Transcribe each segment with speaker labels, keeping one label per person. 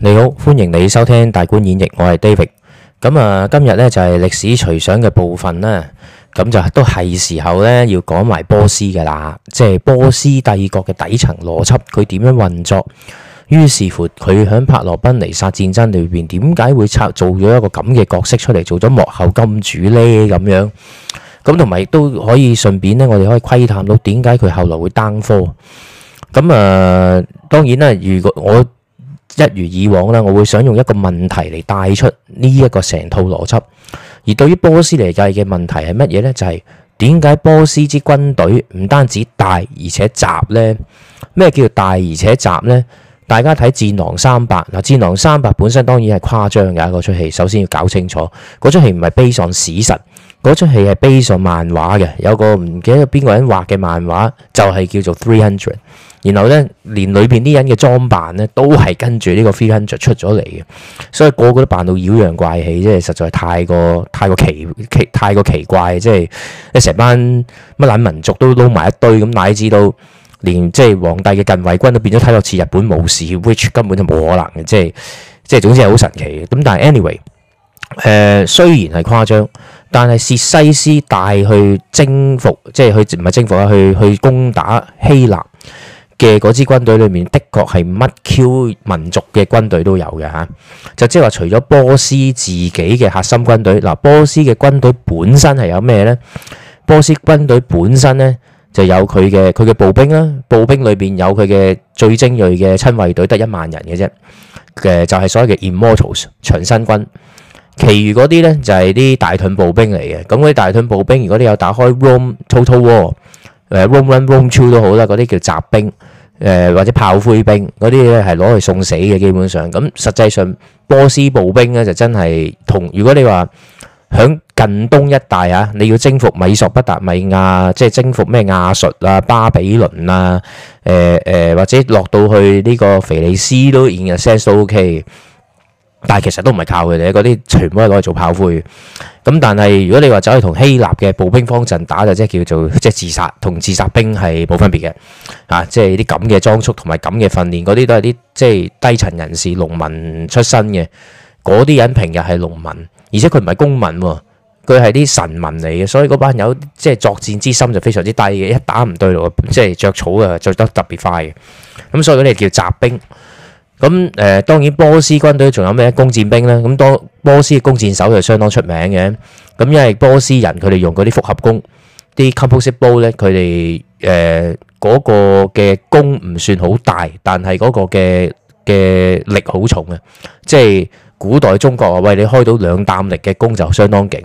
Speaker 1: 你好，歡迎你收聽大觀演繹，我係 David。咁啊，今日呢，就係歷史隨想嘅部分啦。咁就都係時候呢，要講埋波斯噶啦。即係波斯帝國嘅底層邏輯，佢點樣運作？於是乎，佢響帕羅賓尼薩戰爭裏邊，點解會插做咗一個咁嘅角色出嚟，做咗幕後金主呢？咁樣咁同埋亦都可以順便呢，我哋可以窺探到點解佢後來會單科。咁啊，當然啦，如果我一如以往啦，我會想用一個問題嚟帶出呢一個成套邏輯。而對於波斯嚟計嘅問題係乜嘢呢？就係點解波斯之軍隊唔單止大，而且雜呢？咩叫大而且雜呢？大家睇《戰狼三百》嗱，《戰狼三百》本身當然係誇張嘅一出戲。首先要搞清楚嗰出戲唔係悲喪史實，嗰出戲係悲喪漫畫嘅。有個唔記得邊個人畫嘅漫畫就係、是、叫做《Three Hundred》。然後咧，連裏邊啲人嘅裝扮咧，都係跟住呢個300出咗嚟嘅，所以個個都扮到妖樣怪氣，即係實在太過太過奇奇太過奇怪。即係一成班乜捻民族都撈埋一堆咁，乃至到連即係皇帝嘅近衛軍都變咗睇落似日本武士，which 根本就冇可能嘅。即係即係，總之係好神奇嘅。咁但係，anyway，誒、呃，雖然係誇張，但係薛西斯帶去征服，即係去唔係征服啦，去去，去攻打希臘。嘅嗰支軍隊裏面，的確係乜 Q 民族嘅軍隊都有嘅嚇。就即係話，除咗波斯自己嘅核心軍隊，嗱，波斯嘅軍隊本身係有咩咧？波斯軍隊本身咧就有佢嘅佢嘅步兵啊，步兵裏邊有佢嘅最精鋭嘅親衛隊，得一萬人嘅啫。嘅就係所謂嘅 Immortals 長身軍，其餘嗰啲咧就係啲大盾步兵嚟嘅。咁嗰啲大盾步兵，如果你有打開 Rome Total War。誒，Rome one，Rome two 都好啦，嗰啲叫雜兵，誒、呃、或者炮灰兵嗰啲咧，係攞去送死嘅基本上。咁實際上波斯步兵咧就真係同，如果你話響近東一帶啊，你要征服美索不達米亞，即係征服咩亞述啊、巴比倫啊，誒、呃、誒、呃、或者落到去呢個腓利斯都 in a sense 都 OK。但係其實都唔係靠佢哋，嗰啲全部係攞嚟做炮灰。咁但係如果你話走去同希臘嘅步兵方陣打就即係叫做即係自殺，同自殺兵係冇分別嘅。啊，即係啲咁嘅裝束同埋咁嘅訓練，嗰啲都係啲即係低層人士、農民出身嘅。嗰啲人平日係農民，而且佢唔係公民喎，啊，佢係啲臣民嚟嘅。所以嗰班友即係作戰之心就非常之低嘅，一打唔對路即係着草啊，着得特別快嘅。咁所以佢哋叫雜兵。咁誒當然波斯軍隊仲有咩弓箭兵咧？咁多波斯嘅弓箭手就相當出名嘅。咁因為波斯人佢哋用嗰啲複合弓，啲 composite bow 咧，佢哋誒嗰個嘅弓唔算好大，但係嗰個嘅嘅力好重嘅。即係古代中國話喂，你開到兩擔力嘅弓就相當勁。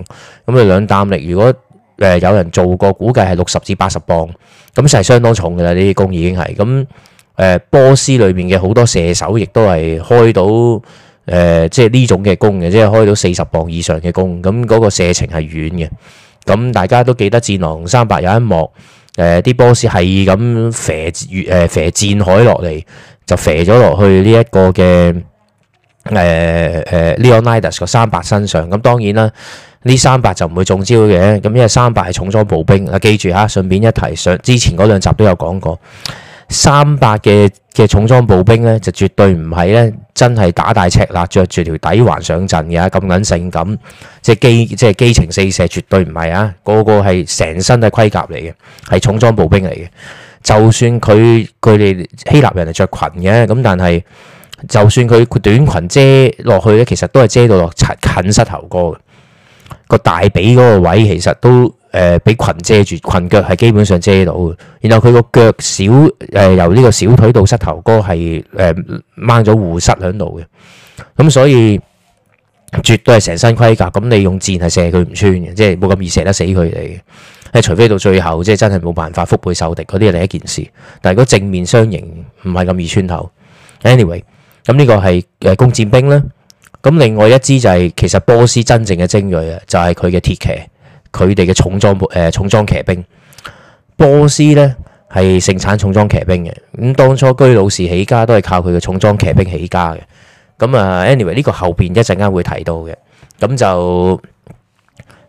Speaker 1: 咁你兩擔力如果誒有人做過，估計係六十至八十磅，咁就係相當重㗎啦！呢啲弓已經係咁。誒、嗯，波斯裏面嘅好多射手亦都係開到誒、呃，即係呢種嘅弓嘅，即係開到四十磅以上嘅弓。咁、嗯、嗰、那個射程係遠嘅。咁、嗯、大家都記得《戰狼三百》有一幕，誒、呃，啲波斯係咁射月，誒、呃，射箭海落嚟，就射咗落去呢一個嘅，誒、呃，誒、呃、Leonidas 個三百身上。咁、嗯、當然啦，呢三百就唔會中招嘅。咁因為三百係重裝步兵。啊，記住吓、啊，順便一提，上之前嗰兩集都有講過。三百嘅嘅重裝步兵呢，就絕對唔係呢，真係打大赤肋，着住條底環上陣嘅，咁撚性感，即係基即係基情四射，絕對唔係啊！個個係成身都係盔甲嚟嘅，係重裝步兵嚟嘅。就算佢佢哋希臘人係着裙嘅，咁但係就算佢短裙遮落去呢，其實都係遮到落近膝頭哥嘅，個大髀嗰個位其實都。誒俾裙遮住，裙腳係基本上遮到嘅。然後佢個腳小，誒、呃、由呢個小腿到膝頭哥係誒掹咗護膝喺度嘅。咁所以絕對係成身盔甲。咁你用箭係射佢唔穿嘅，即係冇咁易射得死佢哋。係除非到最後，即係真係冇辦法腹背受敵嗰啲係另一件事。但係如果正面相迎唔係咁易穿透。Anyway，咁、呃、呢個係誒弓箭兵啦。咁另外一支就係、是、其實波斯真正嘅精銳啊，就係佢嘅鐵騎。佢哋嘅重裝部、呃、重裝騎兵，波斯呢係盛產重裝騎兵嘅。咁當初居魯士起家都係靠佢嘅重裝騎兵起家嘅。咁、嗯、啊，anyway 呢個後邊一陣間會提到嘅。咁就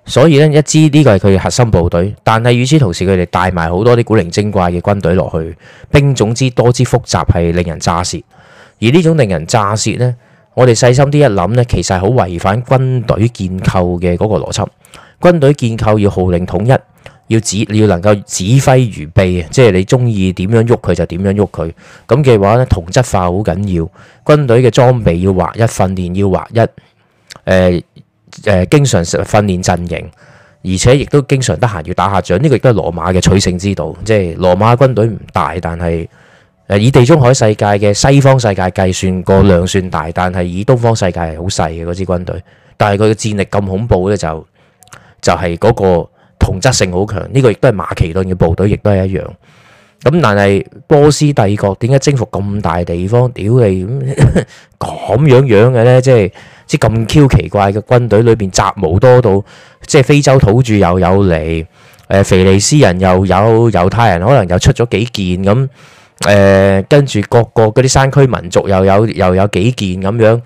Speaker 1: 所以呢一支呢個係佢核心部隊，但係與此同時，佢哋帶埋好多啲古靈精怪嘅軍隊落去，兵種之多之複雜係令人咋舌。而呢種令人咋舌呢，我哋細心啲一諗呢，其實係好違反軍隊建構嘅嗰個邏輯。軍隊建構要號令統一，要指你要能夠指揮如臂，即係你中意點樣喐佢就點樣喐佢。咁嘅話咧，同質化好緊要。軍隊嘅裝備要劃一，訓練要劃一，誒、呃、誒、呃，經常訓練陣營，而且亦都經常得閒要打下仗。呢、這個亦都係羅馬嘅取勝之道，即係羅馬軍隊唔大，但係誒、呃、以地中海世界嘅西方世界計算個量算大，嗯、但係以東方世界係好細嘅嗰支軍隊，但係佢嘅戰力咁恐怖咧就。就係嗰個同質性好強，呢個亦都係馬其頓嘅部隊，亦都係一樣。咁但係波斯帝國點解征服咁大地方？屌你咁 樣樣嘅呢？即係即咁 Q 奇怪嘅軍隊裏邊雜毛多到，即係非洲土著又有嚟，誒腓尼斯人又有，猶太人可能又出咗幾件咁，誒跟住各個嗰啲山區民族又有又有幾件咁樣。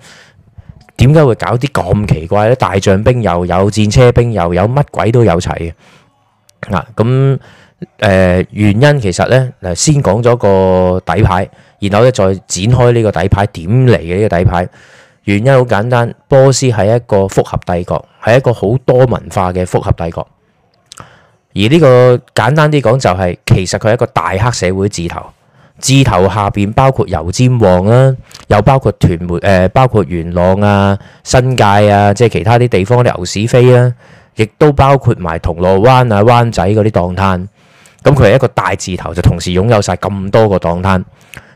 Speaker 1: 點解會搞啲咁奇怪呢？大象兵又有，有戰車兵又有，乜鬼都有齊嘅。嗱、啊，咁誒、呃、原因其實呢，先講咗個底牌，然後咧再展開呢個底牌點嚟嘅呢個底牌。原因好簡單，波斯係一個複合帝國，係一個好多文化嘅複合帝國。而呢個簡單啲講就係、是，其實佢係一個大黑社會字頭。字頭下邊包括油尖旺啦，又包括屯門誒，包括元朗啊、新界啊，即係其他啲地方啲牛屎飛啦，亦都包括埋銅鑼灣啊、灣仔嗰啲檔攤。咁佢係一個大字頭，就同時擁有晒咁多個檔攤。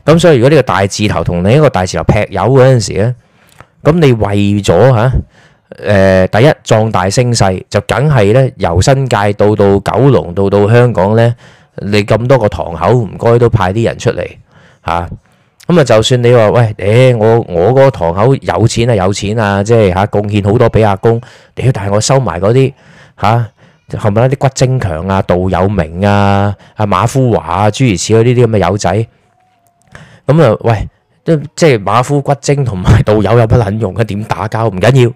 Speaker 1: 咁所以如果呢個大字頭同另一個大字頭劈友嗰陣時咧，咁你為咗嚇誒第一壯大聲勢，就梗係咧由新界到到九龍，到到香港咧。你咁多個堂口唔該都派啲人出嚟吓咁啊！就算你話喂，誒，我我個堂口有錢啊，有錢啊，即係吓貢獻好多俾阿公。但係我收埋嗰啲吓係咪啲骨精強啊、道有名啊、阿、啊、馬夫華啊、諸如此類呢啲咁嘅友仔咁啊。喂，即即係馬夫骨精同埋道友有乜撚用嘅、啊，點打交唔緊要誒、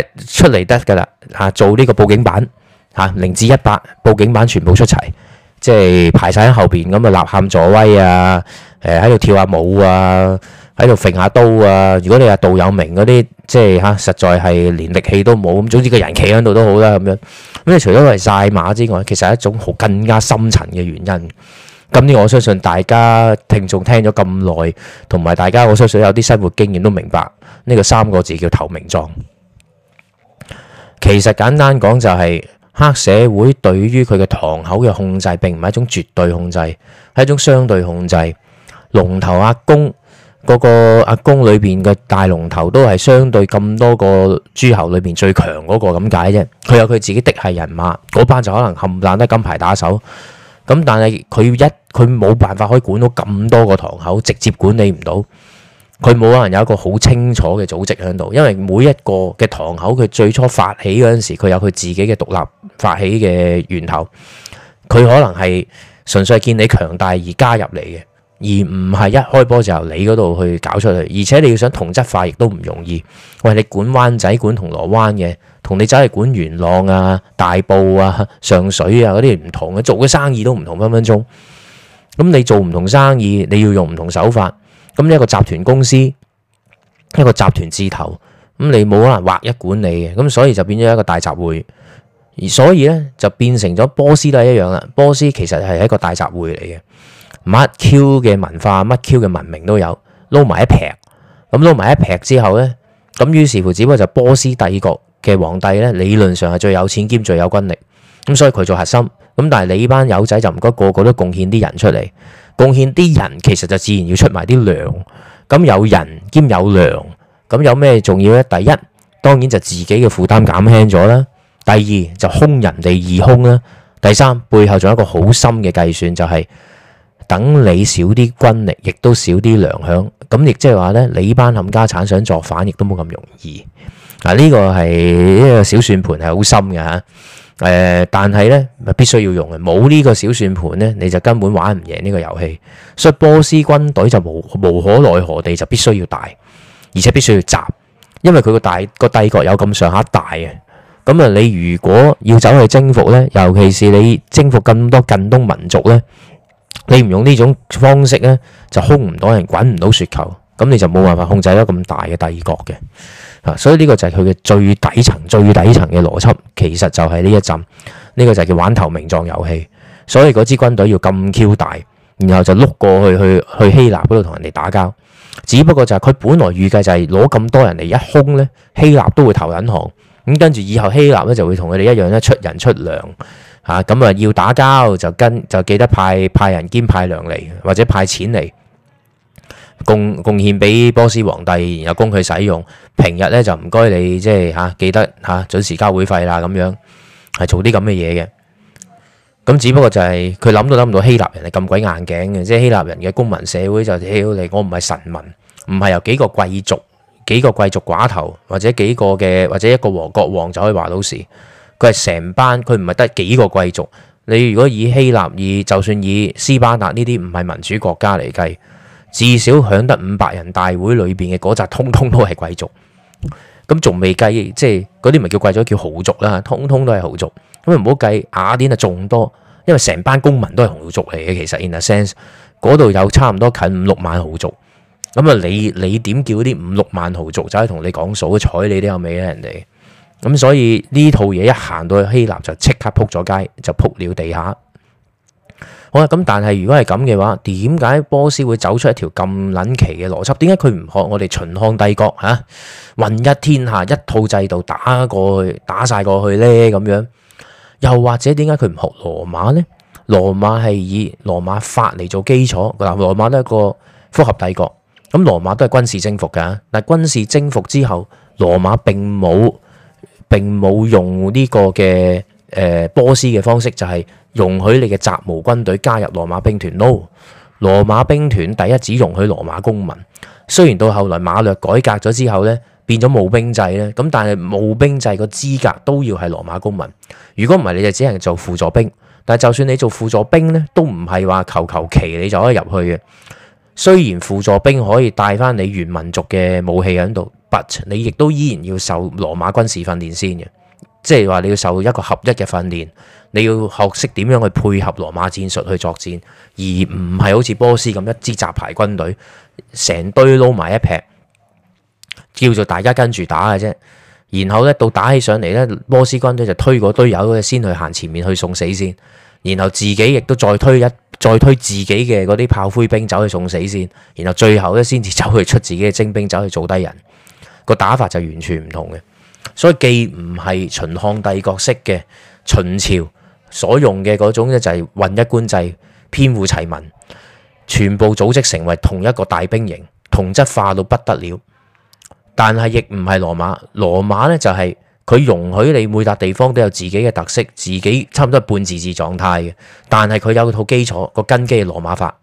Speaker 1: 啊，出嚟得噶啦吓，做呢個報警版吓，零至一百報警版全部出齊。即係排晒喺後邊咁啊！吶喊助威啊！誒喺度跳下舞啊！喺度揈下刀啊！如果你話道有名嗰啲，即係吓、啊，實在係連力氣都冇咁。總之個人企喺度都好啦咁樣。咁你除咗係晒馬之外，其實係一種好更加深層嘅原因。咁呢我相信大家聽眾聽咗咁耐，同埋大家我相信有啲生活經驗都明白呢、這個三個字叫投名狀。其實簡單講就係、是。黑社會對於佢嘅堂口嘅控制並唔係一種絕對控制，係一種相對控制。龍頭阿公個、嗰個阿公裏邊嘅大龍頭都係相對咁多個諸侯裏邊最強嗰個咁解啫。佢有佢自己嘅嫡系人馬，嗰班就可能冚唪唥都係金牌打手。咁但係佢一佢冇辦法可以管到咁多個堂口，直接管理唔到。佢冇可能有一個好清楚嘅組織喺度，因為每一個嘅堂口，佢最初發起嗰陣時，佢有佢自己嘅獨立發起嘅源頭。佢可能係純粹係見你強大而加入嚟嘅，而唔係一開波就由你嗰度去搞出嚟。而且你要想同質化亦都唔容易。喂，你管灣仔、管銅鑼灣嘅，同你走去管元朗啊、大埔啊、上水啊嗰啲唔同嘅，做嘅生意都唔同，分分鐘。咁你做唔同生意，你要用唔同手法。咁一個集團公司，一個集團字頭，咁你冇可能劃一管理嘅，咁所以就變咗一個大雜燴，而所以呢，就變成咗波斯都係一樣啦。波斯其實係一個大雜燴嚟嘅，乜 Q 嘅文化、乜 Q 嘅文明都有，撈埋一劈，咁撈埋一劈之後呢，咁於是乎只不過就波斯帝國嘅皇帝呢，理論上係最有錢兼最有軍力，咁所以佢做核心。咁但係你班友仔就唔該個個都貢獻啲人出嚟，貢獻啲人其實就自然要出埋啲糧，咁有人兼有糧，咁有咩重要呢？第一，當然就自己嘅負擔減輕咗啦；第二就兇人哋易兇啦；第三背後仲有一個好深嘅計算，就係等你少啲軍力，亦都少啲糧餉，咁亦即係話呢，你班冚家鏟想作反，亦都冇咁容易。嗱，呢個係一個小算盤，係好深嘅吓。誒、呃，但係咧咪必須要用嘅，冇呢個小算盤咧，你就根本玩唔贏呢個遊戲。所以波斯軍隊就無無可奈何地就必須要大，而且必須要雜，因為佢個大個帝國有咁上下大嘅。咁啊，你如果要走去征服咧，尤其是你征服咁多近東民族咧，你唔用呢種方式咧，就控唔到人，滾唔到雪球，咁你就冇辦法控制得咁大嘅帝國嘅。啊，所以呢個就係佢嘅最底層、最底層嘅邏輯，其實就係呢一陣呢、呢個就叫玩投名狀遊戲。所以嗰支軍隊要咁 Q 大，然後就碌過去去去希臘嗰度同人哋打交。只不過就係佢本來預計就係攞咁多人嚟一空呢，希臘都會投引航。咁，跟住以後希臘咧就會同佢哋一樣咧出人出糧嚇咁啊，要打交就跟就記得派派人兼派糧嚟，或者派錢嚟貢貢獻俾波斯皇帝，然後供佢使用。平日咧就唔該你即係嚇記得嚇準時交會費啦咁樣，係做啲咁嘅嘢嘅。咁只不過就係佢諗都諗唔到希臘人係咁鬼硬頸嘅，即係希臘人嘅公民社會就屌嚟，我唔係臣民，唔係由幾個貴族、幾個貴族寡頭或者幾個嘅或者一個和國王就可以話到事。佢係成班，佢唔係得幾個貴族。你如果以希臘以就算以斯巴達呢啲唔係民主國家嚟計，至少響得五百人大會裏邊嘅嗰紮通通都係貴族。咁仲未計，即係嗰啲咪叫貴咗叫豪族啦，通通都係豪族。咁啊，唔好計雅典啊，仲多，因為成班公民都係豪族嚟嘅。其實，in a sense，嗰度有差唔多近五六萬豪族。咁啊，你你點叫啲五六萬豪族走去同你講數，睬你都有味咧，人哋。咁所以呢套嘢一行到去，希臘就即刻仆咗街，就仆了地下。好啦，咁但係如果係咁嘅話，點解波斯會走出一條咁撚奇嘅邏輯？點解佢唔學我哋秦漢帝國嚇，混、啊、一天下一套制度打過去，打晒過去呢？咁樣？又或者點解佢唔學羅馬呢？羅馬係以羅馬法嚟做基礎，嗱，羅馬都係一個複合帝國，咁羅馬都係軍事征服嘅，但係軍事征服之後，羅馬並冇並冇用呢個嘅誒、呃、波斯嘅方式就係、是。容許你嘅雜毛軍隊加入羅馬兵團 No。羅馬兵團第一，只容許羅馬公民。雖然到後來馬略改革咗之後呢，變咗募兵制呢，咁但係募兵制個資格都要係羅馬公民。如果唔係，你就只能做輔助兵。但係就算你做輔助兵呢，都唔係話求求其你就可以入去嘅。雖然輔助兵可以帶翻你原民族嘅武器喺度，but 你亦都依然要受羅馬軍事訓練先嘅。即係話你要受一個合一嘅訓練，你要學識點樣去配合羅馬戰術去作戰，而唔係好似波斯咁一支雜牌軍隊，成堆撈埋一劈，叫做大家跟住打嘅啫。然後咧，到打起上嚟咧，波斯軍隊就推嗰堆友先去行前面去送死先，然後自己亦都再推一再推自己嘅嗰啲炮灰兵走去送死先，然後最後咧先至走去出自己嘅精兵走去做低人，個打法就完全唔同嘅。所以既唔係秦漢帝國式嘅秦朝所用嘅嗰種咧，就係混一官制、編戶齊民，全部組織成為同一個大兵營，同質化到不得了。但係亦唔係羅馬，羅馬呢就係佢容許你每笪地方都有自己嘅特色，自己差唔多半自治狀態嘅。但係佢有套基礎、個根基係羅馬法。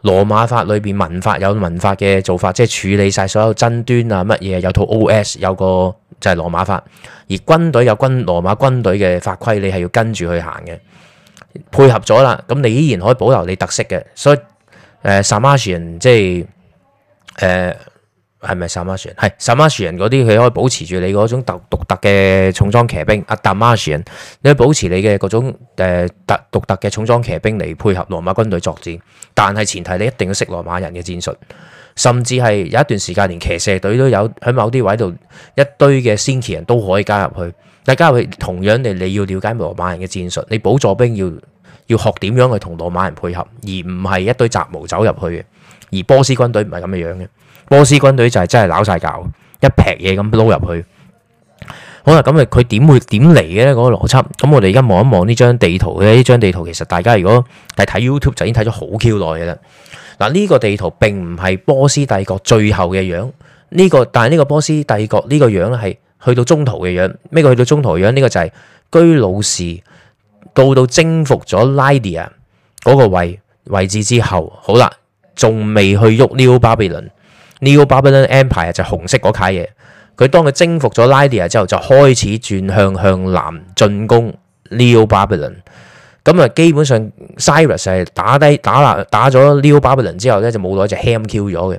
Speaker 1: 羅馬法裏邊文法有文法嘅做法，即係處理晒所有爭端啊乜嘢，有套 OS，有個，就係羅馬法，而軍隊有軍羅馬軍隊嘅法規，你係要跟住去行嘅。配合咗啦，咁你依然可以保留你特色嘅。所以，誒薩馬士人即係誒係咪薩馬士人？係、呃、薩馬士人嗰啲佢可以保持住你嗰種獨特嘅重裝騎兵啊，達馬士人你可以保持你嘅嗰種誒獨獨特嘅重裝騎兵嚟配合羅馬軍隊作戰，但係前提你一定要識羅馬人嘅戰術。甚至係有一段時間，連騎射隊都有喺某啲位度一堆嘅先騎人都可以加入去。但加入去同樣地，你要了解羅馬人嘅戰術，你補助兵要要學點樣去同羅馬人配合，而唔係一堆雜毛走入去嘅。而波斯軍隊唔係咁嘅樣嘅，波斯軍隊就係真係攪晒，教，一劈嘢咁撈入去好。好啦，咁啊，佢點會點嚟嘅咧？嗰個邏輯。咁我哋而家望一望呢張地圖嘅呢張地圖，地圖其實大家如果係睇 YouTube 就已經睇咗好 Q 耐嘅啦。嗱，呢個地圖並唔係波斯帝國最後嘅樣，呢個但係呢個波斯帝國呢個樣咧係去到中途嘅樣，咩個去到中途嘅樣？呢個就係居魯士到到征服咗拉地亞嗰個位位置之後，好啦，仲未去喐尼奧巴比倫，尼奧巴比倫 empire 就紅色嗰卡嘢，佢當佢征服咗拉地亞之後，就開始轉向向南進攻尼奧巴比倫咁啊，基本上 Cyrus 係打低打爛打咗 New Babylon 之後咧，就冇耐就 ham q 咗嘅。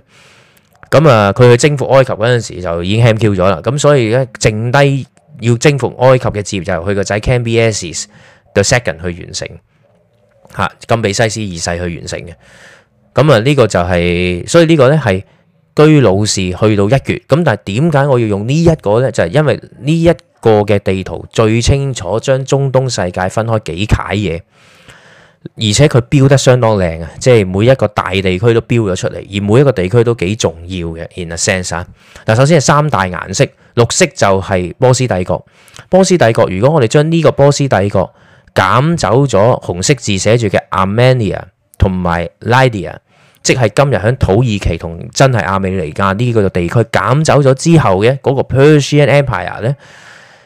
Speaker 1: 咁啊，佢去征服埃及嗰陣時就已經 ham q 咗啦。咁所以咧，剩低要征服埃及嘅事業就由佢個仔 Cambyses the Second 去完成，嚇，金比西斯二世去完成嘅。咁啊，呢個就係所以呢個咧係居魯士去到一月。咁但係點解我要用呢一個咧？就係因為呢一個嘅地圖最清楚，將中東世界分開幾攪嘢，而且佢標得相當靚啊！即係每一個大地區都標咗出嚟，而每一個地區都幾重要嘅。In a sense 嗱，首先係三大顏色，綠色就係波斯帝國。波斯帝國，如果我哋將呢個波斯帝國減走咗，紅色字寫住嘅 Armenia 同埋 Lydia，即係今日喺土耳其同真係亞美尼亞呢個地區減走咗之後嘅嗰個 Persian Empire 咧。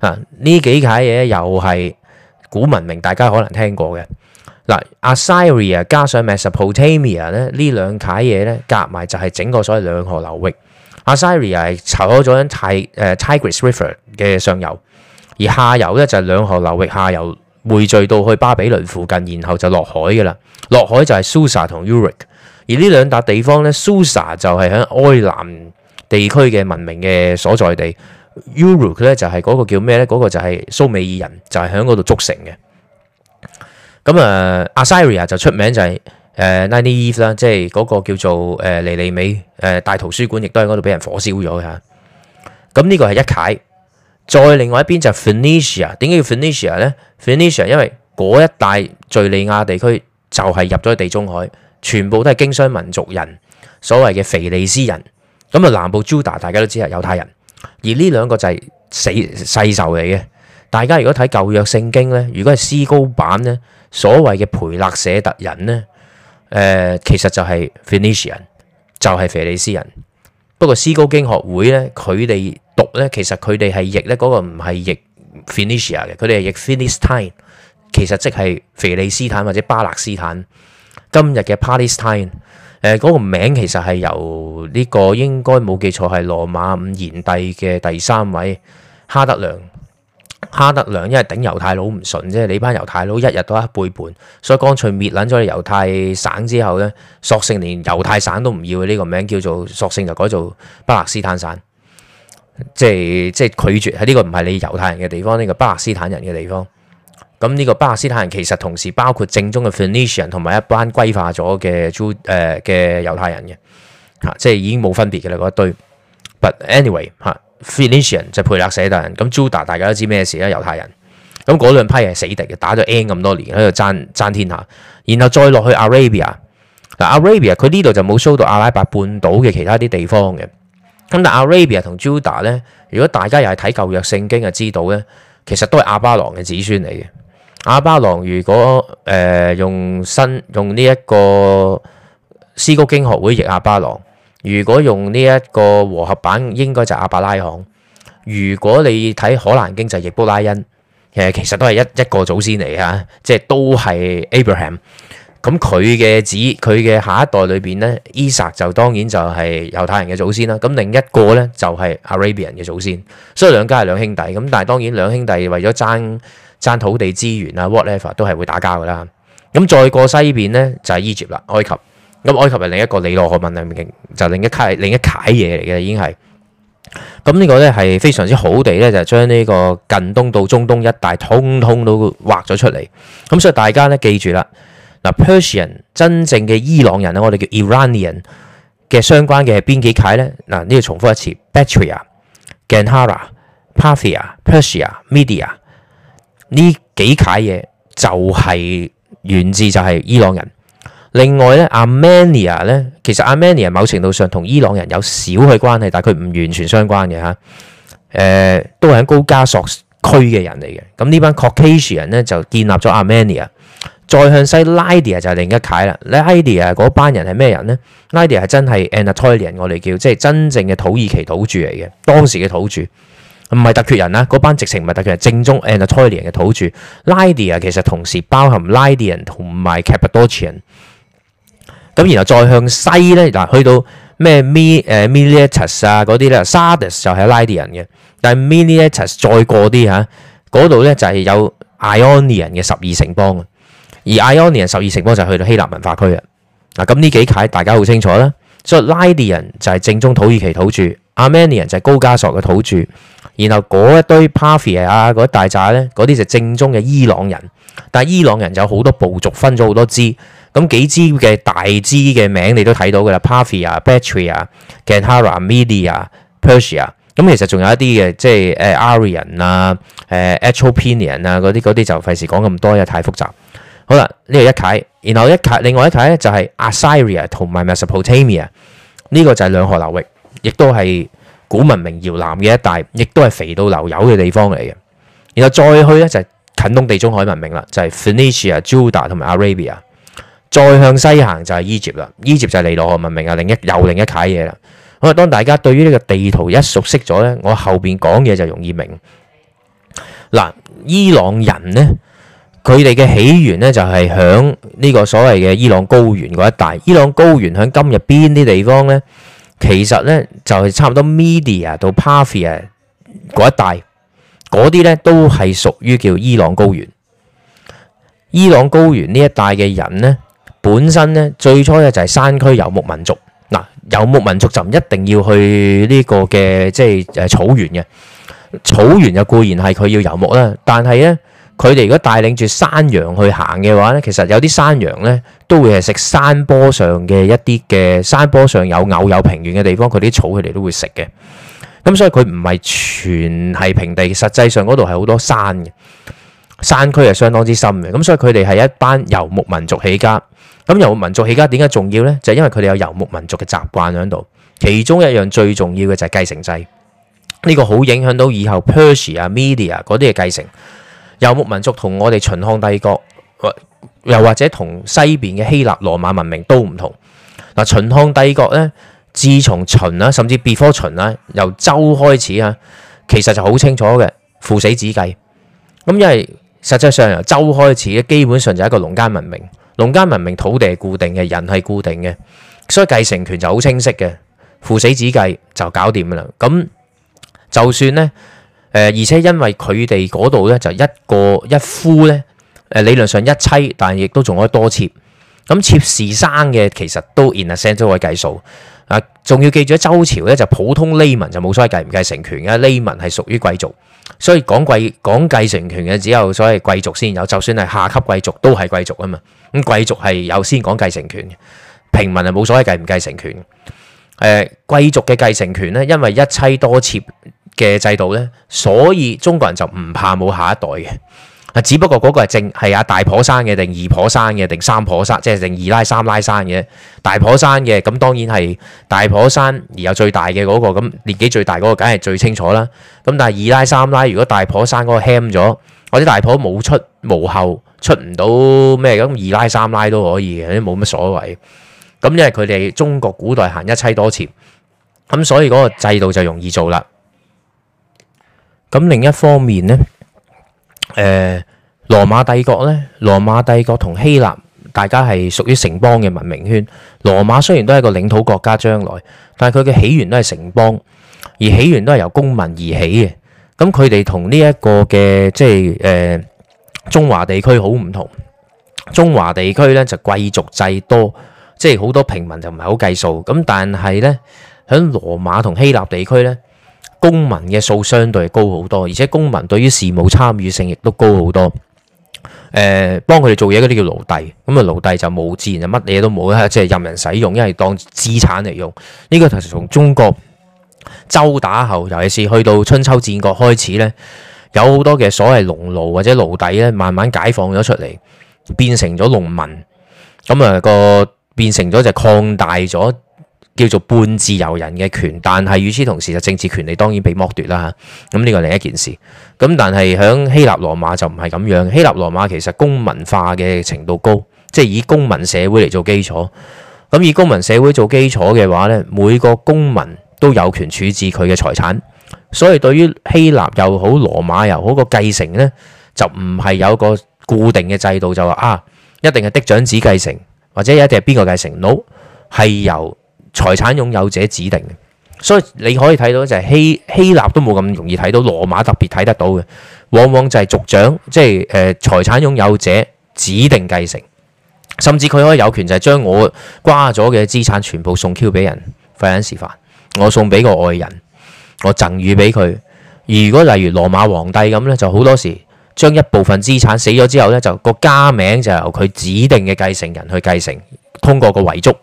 Speaker 1: 啊！呢幾楷嘢又係古文明，大家可能聽過嘅。嗱、啊、Assyria 加上 Mesopotamia 咧，呢兩楷嘢咧，夾埋就係整個所謂兩河流域。Assyria、啊、係查咗咗喺泰誒 Tigris River 嘅上游，而下游咧就係兩河流域下游匯聚到去巴比倫附近，然後就落海嘅啦。落海就係 Susa 同 Uruk，而呢兩笪地方咧，Susa 就係喺埃南地區嘅文明嘅所在地。E、Uruk 咧就係嗰個叫咩咧？嗰、嗰個就係蘇美爾人，就係喺嗰度築城嘅。咁啊、uh, Assyria 就出名就係誒 Nineveh 啦，uh, Eve, 即係嗰個叫做誒尼尼美誒大圖書館，亦都喺嗰度俾人火燒咗嘅嚇。咁呢個係一楷。再另外一邊就係 Phoenicia，點解叫 Phoenicia 咧？Phoenicia 因為嗰一帶敍利亞地區就係入咗地中海，全部都係經商民族人，所謂嘅腓尼斯人。咁啊，南部 Juda 大家都知係猶太人。而呢兩個就係死世，世仇嚟嘅。大家如果睇舊約聖經呢，如果係思高版呢，所謂嘅培肋舍特人呢，誒、呃，其實就係 Phoenician，就係、是、腓利斯人。不過思高經學會呢，佢哋讀呢，其實佢哋係譯呢嗰、那個唔係譯 Phoenicia 嘅，佢哋係譯 Philistine，其實即係腓利斯坦或者巴勒斯坦，今日嘅 Palestine。誒，嗰個名其實係由呢個，應該冇記錯，係羅馬五賢帝嘅第三位哈德良。哈德良因為頂猶太佬唔順啫，你班猶太佬一日都喺背叛，所以乾脆滅撚咗個猶太省之後咧，索性連猶太省都唔要，呢個名叫做索性就改做巴勒斯坦省，即係即係拒絕喺呢個，唔係你猶太人嘅地方，呢個巴勒斯坦人嘅地方。咁呢個巴勒斯坦人其實同時包括正宗嘅 Phoenician 同埋一班歸化咗嘅 Jew 誒嘅猶太人嘅嚇，即係已經冇分別嘅啦，嗰一堆。But anyway 嚇 Phoenician 就係腓力斯泰人，咁 Juda 大家都知咩事啦，猶太人，咁嗰兩批係死敵嘅，打咗 N 咁多年喺度爭爭天下，然後再落去 Arabia 嗱，Arabia 佢呢度就冇收到阿拉伯半島嘅其他啲地方嘅。咁但 Arabia 同 Juda 咧，如果大家又係睇舊約聖經就知道咧，其實都係阿巴郎嘅子孫嚟嘅。阿巴郎如果誒、呃、用新用呢一個《思高聖經學會》譯亞巴郎，如果用呢一個和合版，應該就亞伯拉罕。如果你睇《可蘭經》就譯易卜拉欣，誒，其實都係一一個祖先嚟啊，即係都係 Abraham。咁佢嘅子，佢嘅下一代裏邊咧，Isa 就當然就係猶太人嘅祖先啦。咁另一個咧就係 Arabian 嘅祖先，所以兩家係兩兄弟。咁但係當然兩兄弟為咗爭。爭土地資源啊，whatever 都係會打交噶啦。咁再過西邊咧就係、是、Egypt 啦，埃及。咁埃及係另一個你羅可問嘅，就另一卡係另一攤嘢嚟嘅，已經係咁呢個咧係非常之好地咧，就是、將呢個近東到中東一帶通通都畫咗出嚟。咁所以大家咧記住啦，嗱 Persian 真正嘅伊朗人咧，我哋叫 Iranian 嘅相關嘅係邊幾攤咧？嗱，呢度重複一次 Bactria Ganara、Parthia、Persia、Media。呢幾楷嘢就係源自就係伊朗人。另外咧，Armenia 咧，其實 Armenia 某程度上同伊朗人有少許關係，但係佢唔完全相關嘅吓，誒、呃，都係喺高加索區嘅人嚟嘅。咁呢班 Caucasian 人咧就建立咗 Armenia。再向西，Lydia 就係另一楷啦。Lydia 嗰班人係咩人咧？Lydia 係真係 Anatolian，我哋叫即係真正嘅土耳其土著嚟嘅，當時嘅土著。唔係特厥人啦，嗰班直情唔係特厥人，正宗 Anatolian 嘅土著 Lydia 其實同時包含 Lydian 人同埋 Cappadocian 咁然後再向西咧嗱，去到咩 Mi 誒 Miletus 啊嗰啲咧，Sardis 就係 Lydian 人嘅，但係 Miletus 再過啲吓，嗰度咧就係有 Ionian 嘅十二城邦啊。而 Ionian 十二城邦就去到希臘文化區啊。嗱咁呢幾界大家好清楚啦，所以 Lydian 人就係正宗土耳其土著 Armenian 就係高加索嘅土著。然後嗰一堆 Parthia 啊，嗰一大扎咧，嗰啲就正宗嘅伊朗人。但係伊朗人就有好多部族，分咗好多支。咁幾支嘅大支嘅名你都睇到㗎啦，Parthia, Bactria, Gandhara, Media, Persia，咁其實仲有一啲嘅，即係誒亞美尼人啊、誒埃塞俄比尼人啊嗰啲，嗰啲就費事講咁多，因為太複雜。好啦，呢度一睇，然後一另外一睇咧就係 Assyria 同埋 Mesopotamia，呢個就係兩河流域，亦都係。古文明搖籃嘅一帶，亦都係肥到流油嘅地方嚟嘅。然後再去咧就係、近東地中海文明啦，就係、係、Phoenicia、Judah 同埋 Arabia。再向西行就係 Egypt 啦，Egypt 就係尼羅河文明啊，另一又另一啀嘢啦。咁啊，當大家對於呢個地圖一熟悉咗咧，我後邊講嘢就容易明。嗱，伊朗人咧，佢哋嘅起源咧就係響呢個所謂嘅伊朗高原嗰一帶。伊朗高原響今日邊啲地方咧？其實咧就係、是、差唔多 Media 到 Parthia 嗰一帶，嗰啲咧都係屬於叫伊朗高原。伊朗高原一帶呢一帶嘅人咧，本身咧最初咧就係山區遊牧民族。嗱，遊牧民族就唔一定要去呢個嘅即係誒草原嘅草原，就固然係佢要遊牧啦，但係咧。佢哋如果帶領住山羊去行嘅話咧，其實有啲山羊咧都會係食山坡上嘅一啲嘅山坡上有牛有平原嘅地方，佢啲草佢哋都會食嘅。咁所以佢唔係全係平地，實際上嗰度係好多山嘅山區係相當之深嘅。咁所以佢哋係一班遊牧民族起家。咁遊牧民族起家點解重要咧？就係因為佢哋有遊牧民族嘅習慣喺度。其中一樣最重要嘅就係繼承制，呢個好影響到以後 Persia、Media 嗰啲嘅繼承。遊牧民族同我哋秦漢帝國或又或者同西邊嘅希臘羅馬文明都唔同。嗱，秦漢帝國呢，自從秦啦，甚至 before 秦啦，由周開始啊，其實就好清楚嘅父死子繼。咁因為實際上由周開始咧，基本上就係一個農耕文明，農耕文明土地係固定嘅，人係固定嘅，所以繼承權就好清晰嘅，父死子繼就搞掂噶啦。咁就算呢。誒，而且因為佢哋嗰度咧就一個一夫咧，誒理論上一妻，但係亦都仲可以多妾。咁、嗯、妾侍生嘅，其實都 in a sense 都可以計數。啊，仲要記住周朝咧，就普通黎民就冇所謂繼唔繼承權嘅，黎民係屬於貴族，所以講貴講繼承權嘅只有所謂貴族先有，就算係下級貴族都係貴族啊嘛。咁貴族係有先講繼承權嘅，平民係冇所謂繼唔繼承權嘅。誒、呃，貴族嘅繼承權咧，因為一妻多妾嘅制度呢，所以中國人就唔怕冇下一代嘅。啊，只不過嗰個係正係阿大婆生嘅，定二婆生嘅，定三婆生，即係定二奶三奶生嘅。大婆生嘅咁當然係大婆生，而有最大嘅嗰個咁年紀最大嗰個梗係最清楚啦。咁但係二奶三奶，如果大婆生嗰個喊咗，或者大婆冇出冇後出唔到咩咁，二奶三奶都可以嘅，都冇乜所謂。咁因為佢哋中國古代行一妻多妾，咁所以嗰個制度就容易做啦。咁另一方面咧，誒，羅馬帝國咧，羅馬帝國同希臘大家係屬於城邦嘅文明圈。羅馬雖然都係一個領土國家，將來，但係佢嘅起源都係城邦，而起源都係由公民而起嘅。咁佢哋同呢一個嘅即係誒中華地區好唔同。中華地區咧就貴族制多，即係好多平民就唔係好計數。咁但係咧，喺羅馬同希臘地區咧。公民嘅數相對高好多，而且公民對於事務參與性亦都高好多。誒、呃，幫佢哋做嘢嗰啲叫奴隸，咁啊奴隸就冇自然就乜嘢都冇啦，即係任人使用，一係當資產嚟用。呢、這個就係從中國周打後，尤其是去到春秋戰國開始呢有好多嘅所謂農奴或者奴隸咧，慢慢解放咗出嚟，變成咗農民。咁、那、啊個變成咗就擴大咗。叫做半自由人嘅權，但係與此同時，就政治權利當然被剝奪啦。咁呢個另一件事咁，但係喺希臘羅馬就唔係咁樣。希臘羅馬其實公民化嘅程度高，即係以公民社會嚟做基礎。咁以公民社會做基礎嘅話呢，每個公民都有權處置佢嘅財產，所以對於希臘又好，羅馬又好，個繼承呢，就唔係有個固定嘅制度，就話啊一定係嫡長子繼承，或者一定係邊個繼承？no 係由財產擁有者指定，所以你可以睇到就係希希臘都冇咁容易睇到，羅馬特別睇得到嘅，往往就係族長，即係誒財產擁有者指定繼承，甚至佢可以有權就係將我瓜咗嘅資產全部送 Q 俾人，費眼事煩，我送俾個愛人，我贈與俾佢。如果例如羅馬皇帝咁呢，就好多時將一部分資產死咗之後呢，就個家名就由佢指定嘅繼承人去繼承，通過個遺囑。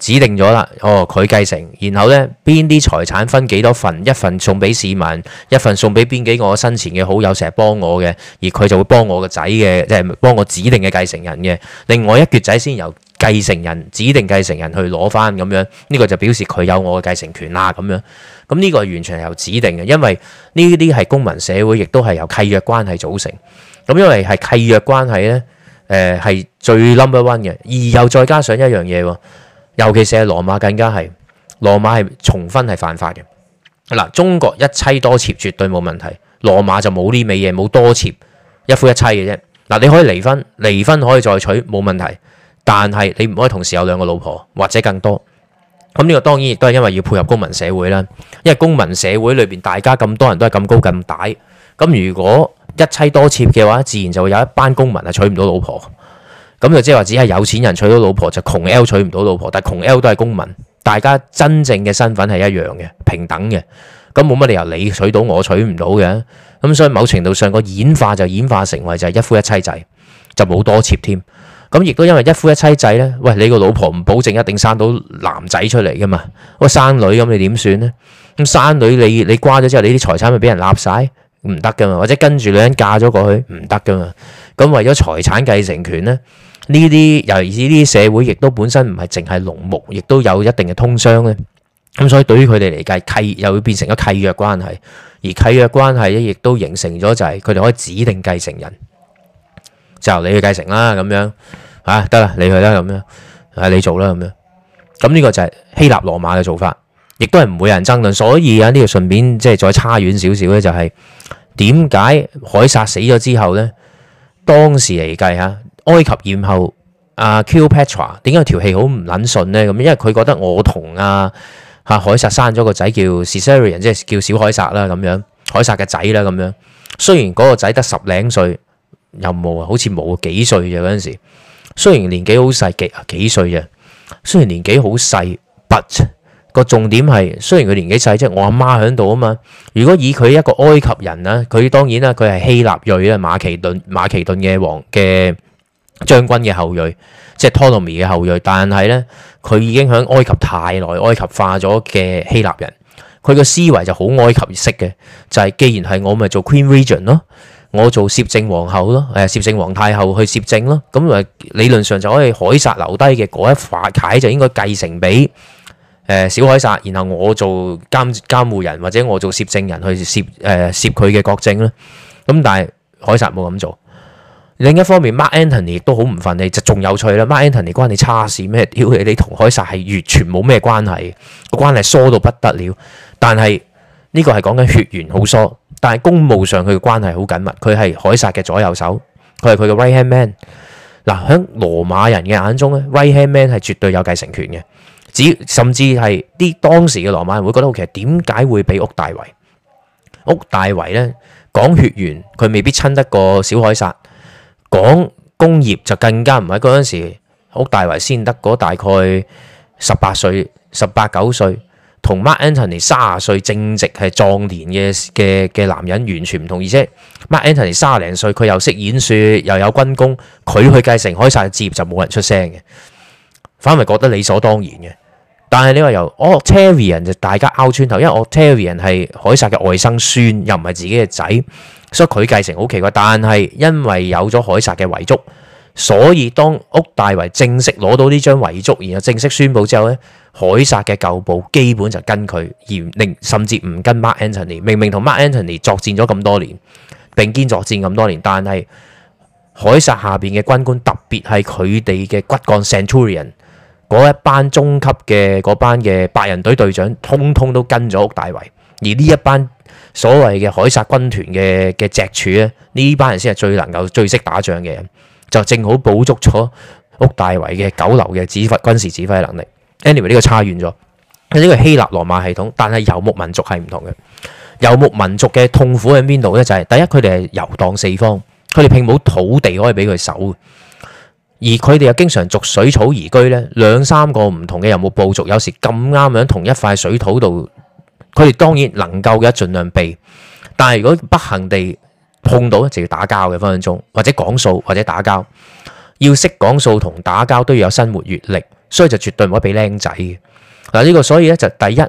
Speaker 1: 指定咗啦，哦，佢繼承，然後呢邊啲財產分幾多份，一份送俾市民，一份送俾邊幾個生前嘅好友，成日幫我嘅，而佢就會幫我個仔嘅，即係幫我指定嘅繼承人嘅。另外一橛仔先由繼承人指定繼承人去攞翻咁樣呢、這個就表示佢有我嘅繼承權啦咁樣。咁呢、這個完全係由指定嘅，因為呢啲係公民社會，亦都係由契約關係組成。咁因為係契約關係呢，誒、呃、係最 number one 嘅，而又再加上一樣嘢喎。尤其是喺羅馬更加係，羅馬係重婚係犯法嘅。嗱，中國一妻多妾絕對冇問題，羅馬就冇呢味嘢，冇多妾，一夫一妻嘅啫。嗱，你可以離婚，離婚可以再娶，冇問題。但係你唔可以同時有兩個老婆或者更多。咁呢個當然亦都係因為要配合公民社會啦。因為公民社會裏邊大家咁多人都係咁高咁大，咁如果一妻多妾嘅話，自然就會有一班公民係娶唔到老婆。咁就即係話，只係有錢人娶到老婆就，窮 L 娶唔到老婆，但係窮 L 都係公民，大家真正嘅身份係一樣嘅，平等嘅，咁冇乜理由你娶到我，我娶唔到嘅，咁所以某程度上個演化就演化成為就係一夫一妻制，就冇多妾添，咁亦都因為一夫一妻制呢，喂，你個老婆唔保證一定生到男仔出嚟噶嘛，喂，生女咁你點算呢？咁生女你你瓜咗之後，你啲財產咪俾人笠晒，唔得噶嘛，或者跟住女人嫁咗過去唔得噶嘛，咁為咗財產繼承權呢。呢啲尤其是呢啲社會，亦都本身唔係淨係農牧，亦都有一定嘅通商咧。咁所以對於佢哋嚟計契，又會變成咗契約關係，而契約關係咧，亦都形成咗就係佢哋可以指定繼承人，就由你去繼承啦咁樣嚇，得、啊、啦你去啦咁樣，係、啊、你做啦咁樣。咁呢個就係希臘羅馬嘅做法，亦都係唔會有人爭論。所以啊，呢、這個順便即係再差遠少少咧，就係點解凱撒死咗之後咧，當時嚟計嚇。埃及艷后啊 Cleopatra 點解條氣好唔撚順咧？咁因為佢覺得我同阿嚇凱撒生咗個仔叫 Caesarion，即係叫小凱撒啦。咁樣凱撒嘅仔啦。咁樣雖然嗰個仔得十零歲，又冇好似冇幾歲咋嗰陣時。雖然年紀好細，幾啊幾歲咋？雖然年紀好細，but 個重點係雖然佢年紀細啫，即係我阿媽喺度啊嘛。如果以佢一個埃及人啦，佢當然啦，佢係希臘裔啦，馬其頓馬其頓嘅王嘅。將軍嘅後裔，即係托勒密嘅後裔，但係呢，佢已經喺埃及太耐，埃及化咗嘅希臘人，佢嘅思維就好埃及式嘅，就係、是、既然係我咪做 queen regent 咯，我做攝政皇后咯，誒、呃，攝政皇太后去攝政咯，咁、嗯、誒理論上就可以凱撒留低嘅嗰一塊契就應該繼承俾誒小凱撒，然後我做監監護人或者我做攝政人去攝誒攝佢嘅國政咧，咁、嗯、但係凱撒冇咁做。另一方面，Mark Antony 亦都好唔忿你氣，就仲有趣啦。Mark Antony 關你叉事咩？屌你，你同凱撒係完全冇咩關係，個關係疏到不得了。但係呢個係講緊血緣好疏，但係公務上佢嘅關係好緊密。佢係凱撒嘅左右手，佢係佢嘅 Right Hand Man。嗱，喺羅馬人嘅眼中咧，Right Hand Man 係絕對有繼承權嘅，只甚至係啲當時嘅羅馬人會覺得好奇，點解會俾屋大維，屋大維咧，講血緣佢未必親得過小凱撒。講工業就更加唔係嗰陣時，屋大維先得。嗰大概十八歲、十八九歲，同 Mark Antony 三十歲正值係壯年嘅嘅嘅男人完全唔同。而且 Mark Antony 三十零歲，佢又識演說，又有軍功，佢去繼承凱撒嘅事業就冇人出聲嘅，反為覺得理所當然嘅。但係你話由 Octavian 就大家拗穿頭，因為 Octavian 係凱撒嘅外甥孫，又唔係自己嘅仔。所以佢繼承好奇怪，但係因為有咗凱撒嘅遺囑，所以當屋大維正式攞到呢張遺囑，然後正式宣佈之後呢，凱撒嘅舊部基本就跟佢，而令甚至唔跟 Mark Antony。明明同 Mark Antony 作戰咗咁多年，並肩作戰咁多年，但係凱撒下邊嘅軍官，特別係佢哋嘅骨幹 Centurion 嗰一班中級嘅嗰班嘅百人隊隊長，通通都跟咗屋大維，而呢一班。所謂嘅凱撒軍團嘅嘅脊柱咧，呢班人先係最能夠最識打仗嘅人，就正好補足咗屋大維嘅九流嘅指揮軍事指揮能力。Anyway 呢個差遠咗，呢個希臘羅馬系統，但係遊牧民族係唔同嘅。遊牧民族嘅痛苦喺邊度咧？就係第一，佢哋係遊蕩四方，佢哋並冇土地可以俾佢守，而佢哋又經常逐水草而居咧。兩三個唔同嘅遊牧部族，有時咁啱喺同一塊水土度。佢哋當然能夠嘅，盡量避。但係如果不幸地碰到咧，就要打交嘅分分鐘，或者講數，或者打交。要識講數同打交都要有生活閲歷，所以就絕對唔可以俾僆仔嘅嗱。呢、呢個所以咧就第一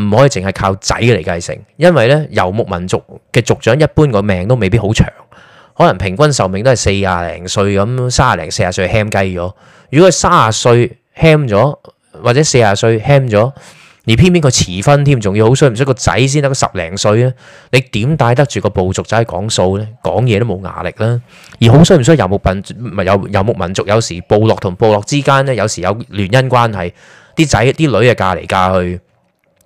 Speaker 1: 唔可以淨係靠仔嚟繼承，因為咧遊牧民族嘅族長一般個命都未必好長，可能平均壽命都係四廿零歲咁，三廿零四廿歲輕雞咗。如果佢三廿歲輕咗，或者四廿歲輕咗。而偏偏佢遲婚添，仲要好衰唔衰，個仔先得十零歲啊！你點帶得住個部族仔講數咧？講嘢都冇牙力啦！而好衰唔衰游牧民唔係游牧民族，有時部落同部落之間咧，有時有聯姻關係，啲仔啲女啊嫁嚟嫁去，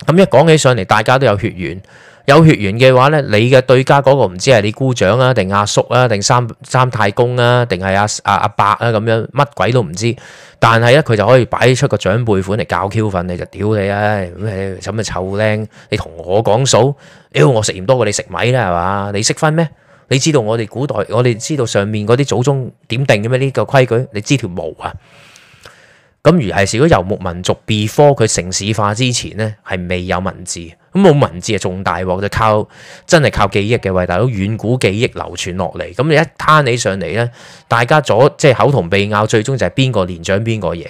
Speaker 1: 咁一講起上嚟，大家都有血緣，有血緣嘅話咧，你嘅對家嗰個唔知係你姑丈啊，定阿叔啊，定三三太公啊，定係阿阿阿伯啊，咁樣乜鬼都唔知。但係咧，佢就可以擺出個長輩款嚟教 Q 訓，你就屌你啊！咁誒，咪臭靚？你同我講數，屌我食鹽多過你食米啦，係嘛？你識、哎、分咩？你知道我哋古代，我哋知道上面嗰啲祖宗點定嘅咩呢個規矩？你知條毛啊？咁如係如果遊牧民族 before，佢城市化之前咧，係未有文字。咁冇文字啊，重大鑊就靠真係靠記憶嘅，喂，大佬，遠古記憶流傳落嚟。咁你一攤起上嚟咧，大家左即係口同鼻拗，最終就係邊個年長邊個贏。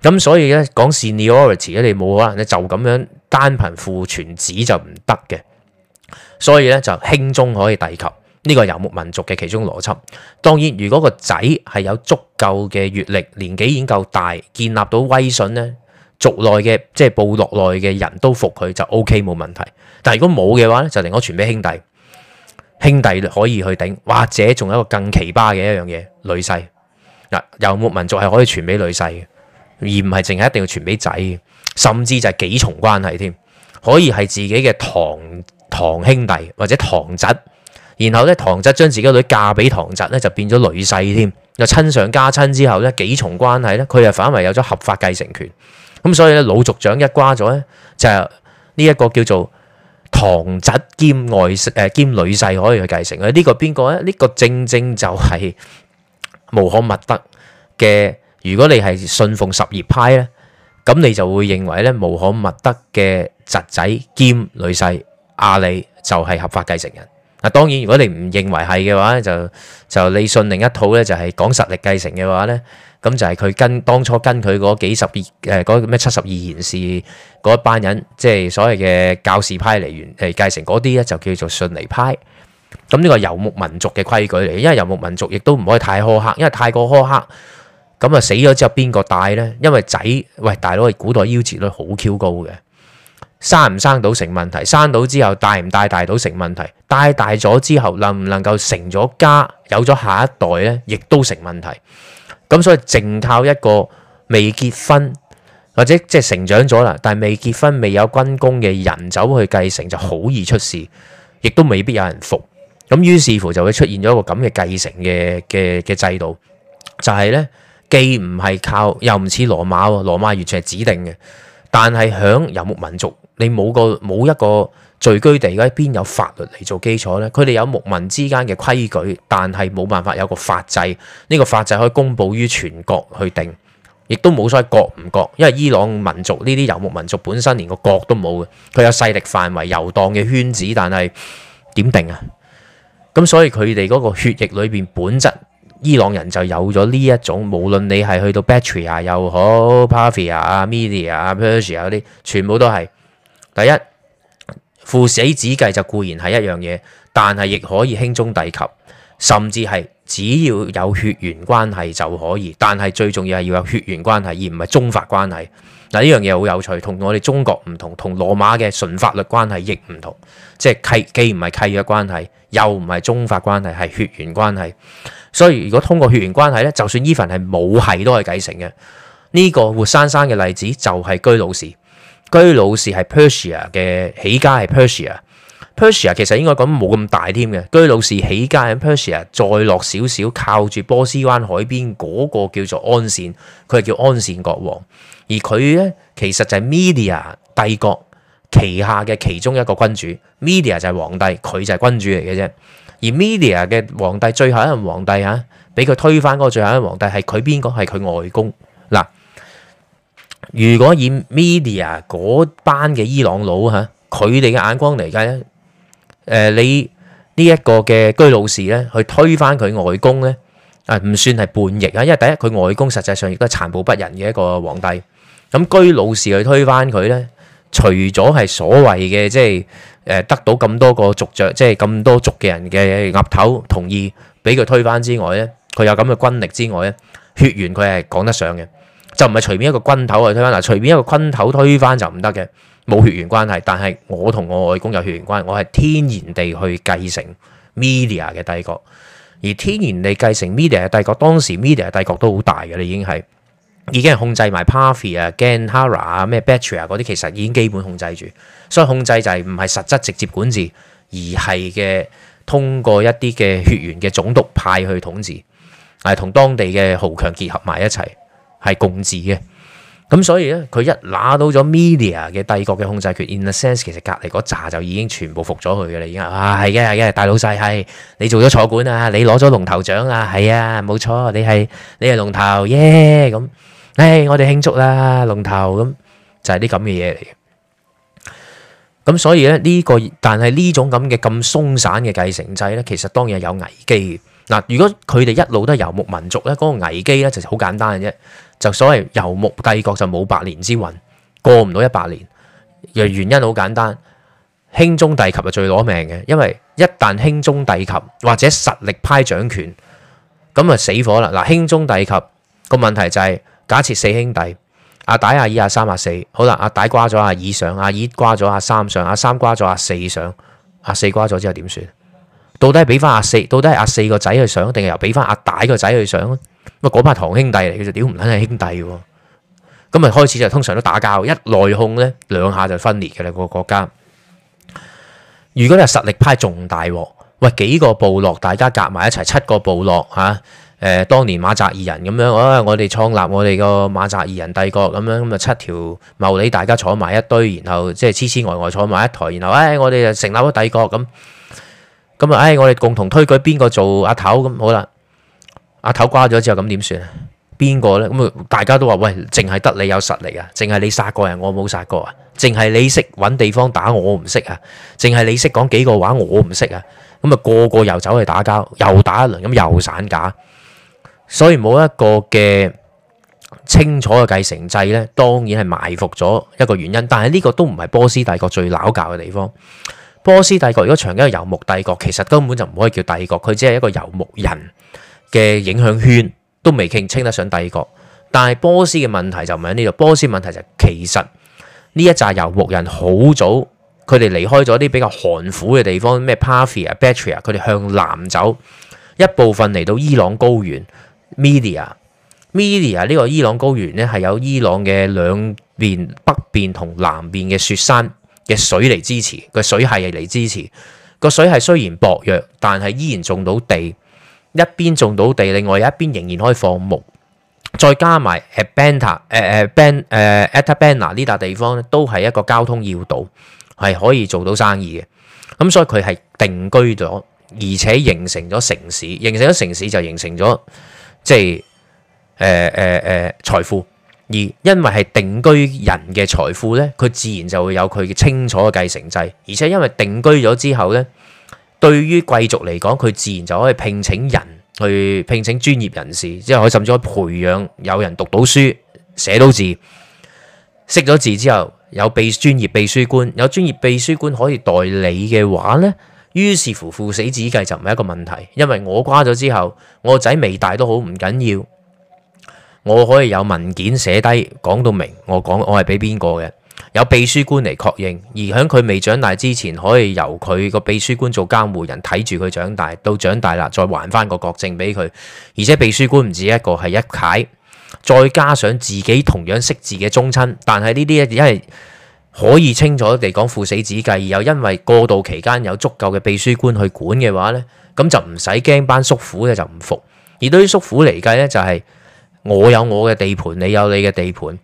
Speaker 1: 咁所以咧講 seniority 咧，你冇可能咧就咁樣單憑父傳子就唔得嘅。所以咧就兄終可以弟及，呢個，游牧民族嘅其中邏輯。當然，如果個仔係有足夠嘅閱歷，年紀已經夠大，建立到威信咧。族內嘅即係部落內嘅人都服佢就 O K，冇問題，但係如果冇嘅話咧，就寧可傳俾兄弟，兄弟可以去頂。或者仲有一個更奇葩嘅一樣嘢，女婿嗱，游牧民族係可以傳俾女婿嘅，而唔係淨係一定要傳俾仔，甚至就係幾重關係添，可以係自己嘅堂堂兄弟或者堂侄，然後咧堂侄將自己嘅女嫁俾堂侄咧，就變咗女婿添，又親上加親之後咧，幾重關係咧，佢又反為有咗合法繼承權。咁所以咧，老族長一瓜咗咧，就呢、係、一個叫做堂侄兼外誒、呃、兼女婿可以去繼承啊！這個、呢個邊個咧？呢、這個正正就係穆罕默德嘅。如果你係信奉十二派咧，咁你就會認為咧穆罕默德嘅侄仔兼女婿阿里、啊、就係合法繼承人。嗱、啊，當然如果你唔認為係嘅話，就就你信另一套咧，就係、係、講實力繼承嘅話咧。咁就係佢跟當初跟佢嗰幾十、誒咩七十二賢士嗰一班人，即係所謂嘅教士派嚟源誒繼、欸、承嗰啲咧，就叫做遜尼派。咁呢個遊牧民族嘅規矩嚟，因為遊牧民族亦都唔可以太苛刻，因為太過苛刻，咁啊死咗之後邊個帶咧？因為仔喂大佬，古代夭折率好 Q 高嘅，生唔生到成問題，生到之後帶唔帶大到成問題，帶大咗之後能唔能夠成咗家，有咗下一代咧，亦都成問題。咁所以淨靠一個未結婚或者即係成長咗啦，但係未結婚、未有軍功嘅人走去繼承就好易出事，亦都未必有人服。咁於是乎就會出現咗一個咁嘅繼承嘅嘅嘅制度，就係、是、咧既唔係靠，又唔似羅馬，羅馬完全係指定嘅，但係響遊牧民族，你冇個冇一個。聚居地嗰邊有法律嚟做基礎呢？佢哋有牧民之間嘅規矩，但係冇辦法有個法制。呢、這個法制可以公佈於全國去定，亦都冇所謂國唔國，因為伊朗民族呢啲游牧民族本身連個國都冇嘅，佢有勢力範圍游蕩嘅圈子，但係點定啊？咁所以佢哋嗰個血液裏邊本質，伊朗人就有咗呢一種，無論你係去到 Bactria 又好，Parthia 啊、Media 啊、Persia 嗰啲，全部都係第一。父死子繼就固然係一樣嘢，但係亦可以兄終弟及，甚至係只要有血緣關係就可以。但係最重要係要有血緣關係，而唔係宗法關係。嗱呢樣嘢好有趣，同我哋中國唔同，同羅馬嘅純法律關係亦唔同，即係契既唔係契約關係，又唔係宗法關係，係血緣關係。所以如果通過血緣關係呢，就算伊凡係母係都可以繼承嘅。呢個活生生嘅例子就係居魯士。居魯士係 Persia 嘅起家係 Persia，Persia 其實應該講冇咁大添嘅。居魯士起家喺 Persia，再落少少靠住波斯灣海邊嗰個叫做安善，佢係叫安善國王。而佢呢，其實就係 Media 帝國旗下嘅其中一個君主，Media 就係皇帝，佢就係君主嚟嘅啫。而 Media 嘅皇帝最後一任皇帝嚇，俾佢推翻嗰最後一任皇帝係佢邊個？係佢外公嗱。如果以 Media 嗰班嘅伊朗佬吓，佢哋嘅眼光嚟計咧，誒、呃、你呢一個嘅居魯士咧，去推翻佢外公咧，啊，唔算係叛逆啊，因為第一佢外公實際上亦都係殘暴不仁嘅一個皇帝。咁、嗯、居魯士去推翻佢咧，除咗係所謂嘅即係誒得到咁多個族長，即係咁多族嘅人嘅額頭同意俾佢推翻之外咧，佢有咁嘅軍力之外咧，血緣佢係講得上嘅。就唔係隨便一個軍頭去推翻，嗱，隨便一個軍頭推翻就唔得嘅，冇血緣關係。但係我同我外公有血緣關係，我係天然地去繼承 Media 嘅帝國。而天然地繼承 Media 嘅帝國，當時 Media 帝國都好大嘅啦，已經係已經係控制埋 Parthia 啊、Gandhara 啊、咩 Bactria 嗰啲，其實已經基本控制住。所以控制就係唔係實質直接管治，而係嘅通過一啲嘅血緣嘅總督派去統治，係同當地嘅豪強結合埋一齊。係共治嘅，咁所以咧，佢一拿到咗 Media 嘅帝國嘅控制權，in a sense 其實隔籬嗰扎就已經全部服咗佢嘅啦，已經啊，係嘅係嘅，大老細係你做咗坐館啊，你攞咗龍頭獎啊，係啊，冇錯，你係你係龍頭，耶咁，唉，我哋慶祝啦，龍頭咁就係啲咁嘅嘢嚟嘅。咁所以咧，呢個但係呢種咁嘅咁鬆散嘅繼承制咧，其實當然有危機。嗱，如果佢哋一路都係遊牧民族咧，嗰個危機咧就係好簡單嘅啫。就所謂遊牧帝國就冇百年之運，過唔到一百年。原因好簡單，兄終弟及係最攞命嘅，因為一旦兄終弟及或者實力派掌權，咁啊死火啦！嗱，兄終弟及個問題就係、是、假設四兄弟，阿大、阿二、阿三、阿四，好啦，阿大瓜咗阿二上，阿二瓜咗阿三上，阿三瓜咗阿四上，阿四瓜咗之後點算？到底係俾翻阿四？到底係阿四個仔去上，定係由俾翻阿大個仔去上？咁啊，嗰班堂兄弟嚟嘅就屌唔撚係兄弟喎、啊，咁啊開始就通常都打交，一內訌咧，兩下就分裂嘅啦個國家。如果你係實力派仲大鑊，喂幾個部落大家夾埋一齊，七個部落吓，誒、啊、當年馬扎爾人咁樣，啊、我我哋創立我哋個馬扎爾人帝國咁樣，咁啊七條茂利大家坐埋一堆，然後即係黐黐呆呆坐埋一台，然後誒、哎、我哋就成立咗帝國咁，咁啊誒我哋共同推舉邊個做阿頭咁好啦。阿頭瓜咗之後咁點算啊？邊個呢咁啊？大家都話喂，淨係得你有實力啊，淨係你殺過人，我冇殺過啊，淨係你識揾地方打，我唔識啊，淨係你識講幾個話，我唔識啊。咁啊，個個又走去打交，又打一輪咁又散架，所以冇一個嘅清楚嘅繼承制呢，當然係埋伏咗一個原因。但係呢個都唔係波斯帝國最拗教嘅地方。波斯帝國如果長期係游牧帝國，其實根本就唔可以叫帝國，佢只係一個游牧人嘅影響圈都未傾稱得上帝國，但係波斯嘅問題就唔喺呢度。波斯問題就其實呢，一紮遊牧人好早，佢哋離開咗啲比較寒苦嘅地方，咩 Parthia、Bactria 佢哋向南走，一部分嚟到伊朗高原，Media、Media 呢個伊朗高原呢，係有伊朗嘅兩邊北邊同南邊嘅雪山嘅水嚟支持，個水係嚟支持，個水係雖然薄弱，但係依然種到地。一邊種到地，另外一邊仍然可以放牧，再加埋 Atbanta，誒誒 ban，誒 Atabana 呢笪地方咧，都係一個交通要道，係可以做到生意嘅。咁所以佢係定居咗，而且形成咗城市，形成咗城市就形成咗即係誒誒誒財富。而因為係定居人嘅財富咧，佢自然就會有佢嘅清楚嘅繼承制，而且因為定居咗之後咧。對於貴族嚟講，佢自然就可以聘請人去聘請專業人士，之後可甚至可以培養有人讀到書、寫到字、識咗字之後有秘專業秘書官，有專業秘書官可以代理嘅話咧，於是乎父死子繼就唔係一個問題，因為我瓜咗之後，我個仔未大都好唔緊要，我可以有文件寫低講到明我，我講我係俾邊個嘅。有秘書官嚟確認，而喺佢未長大之前，可以由佢個秘書官做監護人睇住佢長大，到長大啦再還返個國證俾佢。而且秘書官唔止一個，係一攰，再加上自己同樣識字嘅宗親。但係呢啲一係可以清楚地講父死子繼，而又因為過渡期間有足夠嘅秘書官去管嘅話呢，咁就唔使驚班叔父咧就唔服。而對於叔父嚟計呢就係、是、我有我嘅地盤，你有你嘅地盤。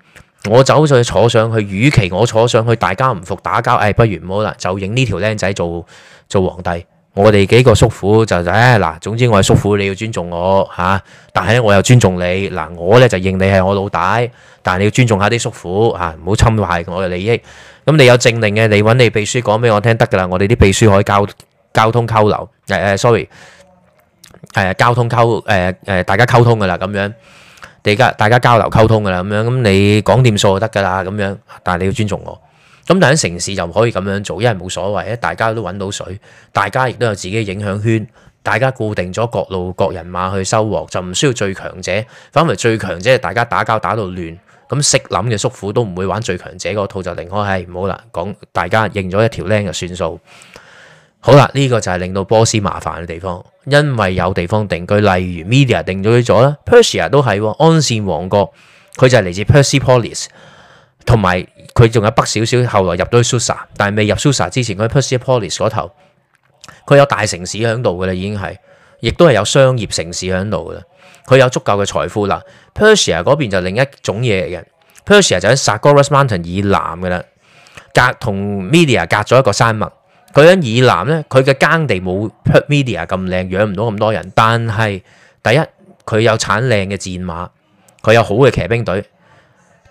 Speaker 1: 我走上去坐上去，與其我坐上去，大家唔服打交，誒、哎，不如唔好啦，就認呢條僆仔做做皇帝。我哋幾個叔父就就，嗱、哎，總之我係叔父，你要尊重我吓、啊。但係我又尊重你。嗱、啊，我咧就認你係我老大，但係你要尊重下啲叔父吓，啊、唔好侵壞我嘅利益。咁你有證明嘅，你揾你秘書講俾我聽得噶啦。我哋啲秘書可以交溝通交流。sorry 誒，溝通溝、啊啊，誒、啊、誒、啊，大家溝通噶啦，咁樣。大家交流溝通噶啦，咁樣，咁你講掂數就得噶啦，咁樣。但係你要尊重我。咁但喺城市就唔可以咁樣做，因為冇所謂，大家都揾到水，大家亦都有自己影響圈，大家固定咗各路各人馬去收穫，就唔需要最強者。反為最強者，大家打交打到亂，咁識諗嘅叔父都唔會玩最強者嗰套就開，就寧可係唔好啦。講大家認咗一條靚就算數。好啦，呢、這個就係令到波斯麻煩嘅地方，因為有地方定居，例如 Media 定咗佢咗啦，Persia 都係、哦、安善王國，佢就嚟自 Persipolis，同埋佢仲有北少少，後來入咗去 Susa，但係未入 Susa 之前，佢喺 Persipolis 嗰頭，佢有大城市喺度嘅啦，已經係，亦都係有商業城市喺度嘅啦，佢有足夠嘅財富啦。Persia 嗰邊就另一種嘢嚟嘅，Persia 就喺 Zagros Mountain 以南嘅啦，隔同 Media 隔咗一個山脈。佢喺以南咧，佢嘅耕地冇 Media 咁靚，養唔到咁多人。但係第一，佢有產靚嘅戰馬，佢有好嘅騎兵隊。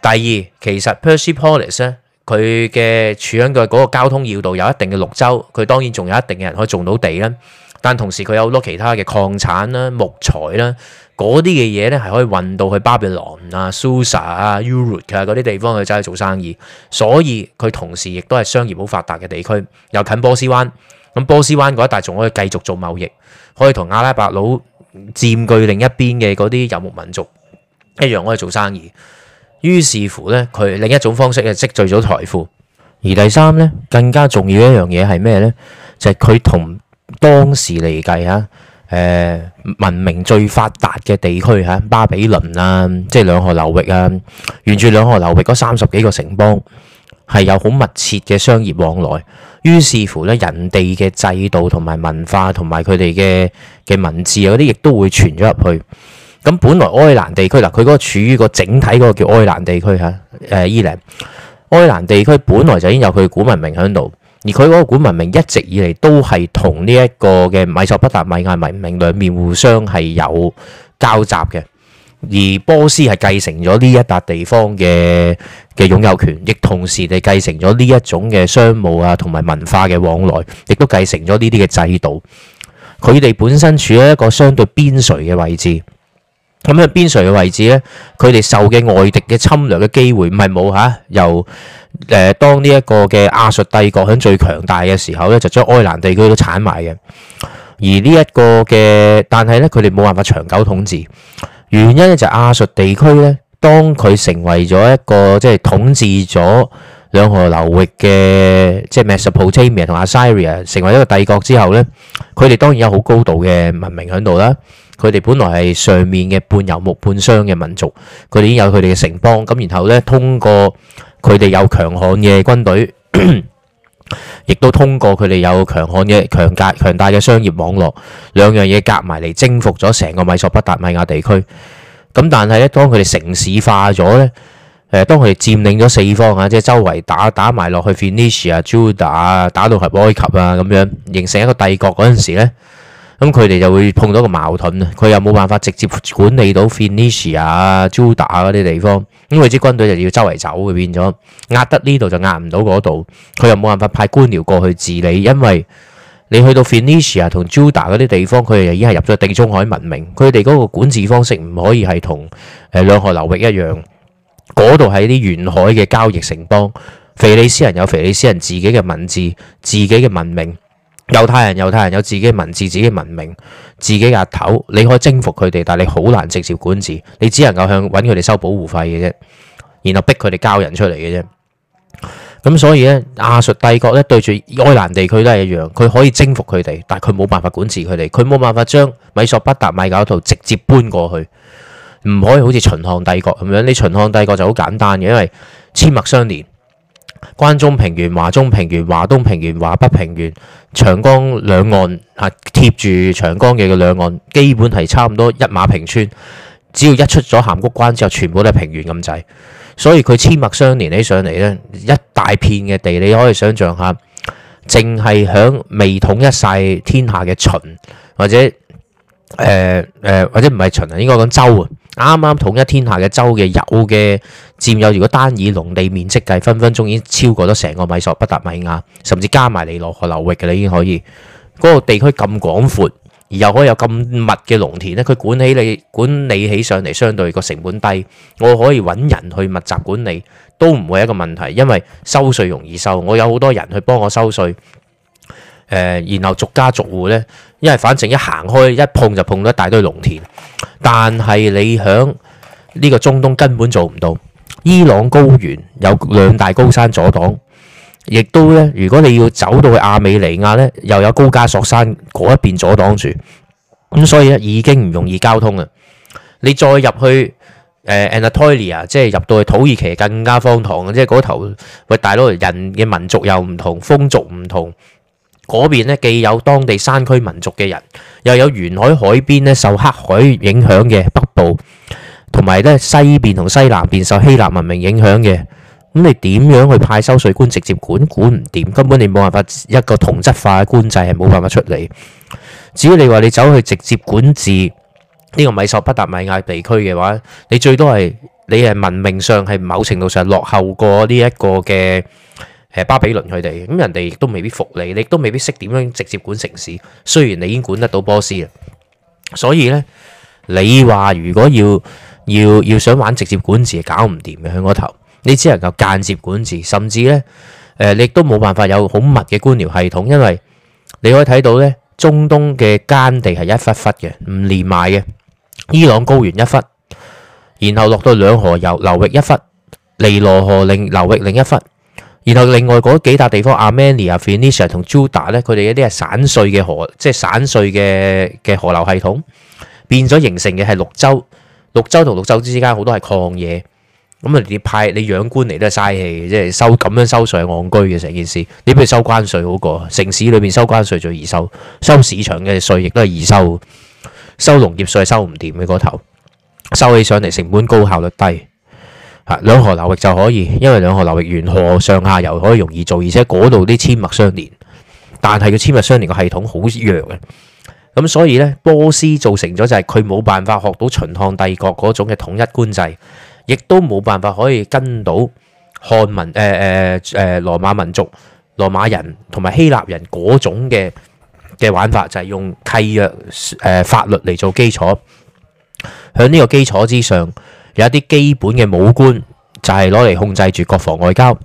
Speaker 1: 第二，其實 Persepolis 咧，佢嘅處喺佢嗰個交通要道，有一定嘅綠洲。佢當然仲有一定嘅人可以種到地啦。但同時佢有好多其他嘅礦產啦、木材啦。嗰啲嘅嘢呢，係可以運到去巴比倫啊、蘇薩啊、烏魯克嗰啲地方去走去做生意，所以佢同時亦都係商業好發達嘅地區，又近波斯灣。咁波斯灣嗰一帶仲可以繼續做貿易，可以同阿拉伯佬佔據另一邊嘅嗰啲遊牧民族一樣，可以做生意。於是乎呢，佢另一種方式係積聚咗財富。而第三呢，更加重要一樣嘢係咩呢？就係佢同當時嚟計啊，誒，文明最發達嘅地區吓，巴比倫啊，即係兩河流域啊，沿住兩河流域嗰三十幾個城邦係有好密切嘅商業往來，於是乎咧，人哋嘅制度同埋文化同埋佢哋嘅嘅文字啊嗰啲，亦都會傳咗入去。咁本來埃蘭地區嗱，佢嗰個處於個整體嗰個叫埃蘭地區吓，誒、啊，伊蘭，埃蘭地區本來就已經有佢古文明響度。而佢嗰個古文明一直以嚟都係同呢一個嘅米索不達米亞文明兩面互相係有交集嘅，而波斯係繼承咗呢一笪地方嘅嘅擁有權，亦同時地繼承咗呢一種嘅商務啊同埋文化嘅往來，亦都繼承咗呢啲嘅制度。佢哋本身處於一個相對邊陲嘅位置。咁喺邊陲嘅位置咧，佢哋受嘅外敵嘅侵略嘅機會唔係冇吓。由誒、呃、當呢一個嘅亞述帝國喺最強大嘅時候咧，就將埃蘭地區都剷埋嘅。而呢一個嘅，但係咧佢哋冇辦法長久統治，原因咧就係亞述地區咧，當佢成為咗一個即係統治咗兩河流域嘅，即係 Mesopotamia As 同 Assyria 成為一個帝國之後咧，佢哋當然有好高度嘅文明喺度啦。佢哋本來係上面嘅半遊牧半商嘅民族，佢哋已經有佢哋嘅城邦。咁然後咧，通過佢哋有強悍嘅軍隊，亦都通過佢哋有強悍嘅強大強大嘅商業網絡，兩樣嘢夾埋嚟征服咗成個米索不達米亞地區。咁但係咧，當佢哋城市化咗咧，誒，當佢哋佔領咗四方啊，即係周圍打打埋落去腓尼西啊、敘利亞啊、打到去埃及啊咁樣，形成一個帝國嗰陣時咧。咁佢哋就會碰到個矛盾啊！佢又冇辦法直接管理到芬尼士啊、朱達啊嗰啲地方，因為支軍隊就要周圍走，變咗壓得呢度就壓唔到嗰度。佢又冇辦法派官僚過去治理，因為你去到芬尼士啊、同朱達嗰啲地方，佢哋已經係入咗地中海文明，佢哋嗰個管治方式唔可以係同誒兩河流域一樣。嗰度係啲沿海嘅交易城邦，非利士人有非利士人自己嘅文字、自己嘅文明。猶太人，猶太人有自己嘅文字、自己嘅文明、自己嘅頭。你可以征服佢哋，但係你好難直接管治。你只能夠向揾佢哋收保護費嘅啫，然後逼佢哋交人出嚟嘅啫。咁所以呢，亞述帝國呢對住埃蘭地區都係一樣。佢可以征服佢哋，但係佢冇辦法管治佢哋。佢冇辦法將米索不達米亞嗰度直接搬過去，唔可以好似秦漢帝國咁樣。你秦漢帝國就好簡單嘅，因為阡陌相連。關中平原、華中平原、華東平原、華北平原、長江兩岸啊，貼住長江嘅個兩岸，基本係差唔多一馬平川。只要一出咗函谷關之後，全部都係平原咁滯。所以佢阡陌相連起上嚟咧，一大片嘅地，你可以想象下，淨係響未統一晒天下嘅秦，或者誒誒、呃呃，或者唔係秦啊，應該講周啊。啱啱統一天下嘅州嘅有嘅佔有，如果單以農地面積計，分分鐘已經超過咗成個米索不達米亞，甚至加埋尼羅河流域嘅，你已經可以。嗰個地區咁廣闊，而又可以有咁密嘅農田咧，佢管起你管理起上嚟，相對個成本低，我可以揾人去密集管理，都唔會一個問題，因為收稅容易收，我有好多人去幫我收稅、呃。然後逐家逐戶呢，因為反正一行開一碰就碰到一大堆農田。但係你喺呢個中東根本做唔到，伊朗高原有兩大高山阻擋，亦都咧如果你要走到去亞美尼亞咧，又有高加索山嗰一邊阻擋住，咁所以咧已經唔容易交通啊！你再入去誒安納托利亞，呃 ah, 即係入到去土耳其更加荒唐啊！即係嗰頭喂大佬人嘅民族又唔同，風俗唔同。嗰邊呢既有當地山區民族嘅人，又有沿海海邊咧受黑海影響嘅北部，同埋咧西邊同西南邊受希臘文明影響嘅。咁你點樣去派收稅官直接管？管唔掂，根本你冇辦法一個同質化嘅官制係冇辦法出嚟。至於你話你走去直接管治呢個米索不達米亞地區嘅話，你最多係你係文明上係某程度上落後過呢一個嘅。係巴比倫佢哋咁，人哋亦都未必服你，你亦都未必識點樣直接管城市。雖然你已經管得到波斯啦，所以咧，你話如果要要要想玩直接管治，搞唔掂嘅喺我頭，你只能夠間接管治，甚至咧，誒你亦都冇辦法有好密嘅官僚系統，因為你可以睇到咧，中東嘅間地係一忽忽嘅，唔連埋嘅。伊朗高原一忽，然後落到兩河遊流域一忽，尼羅河另流域另一忽。然後另外嗰幾沓地方，Armenia、阿 Phoenicia 同 Judah 咧，佢哋一啲係散碎嘅河，即係散碎嘅嘅河流系統，變咗形成嘅係綠洲。綠洲同綠洲之間好多係曠野，咁啊你派你養官嚟都係嘥氣嘅，即係收咁樣收稅係戇居嘅成件事。你不如收關稅好過，城市裏面收關稅最易收，收市場嘅稅亦都係易收，收農業稅係收唔掂嘅嗰頭，收起上嚟成本高，效率低。啊！兩河流域就可以，因為兩河流域沿河上下游可以容易做，而且嗰度啲阡陌相連。但係佢阡陌相連個系統好弱嘅，咁所以呢，波斯造成咗就係佢冇辦法學到秦漢帝國嗰種嘅統一官制，亦都冇辦法可以跟到漢民誒誒誒羅馬民族、羅馬人同埋希臘人嗰種嘅嘅玩法，就係、是、用契約誒、呃、法律嚟做基礎，喺呢個基礎之上。有一啲基本嘅武官就係攞嚟控制住國防外交，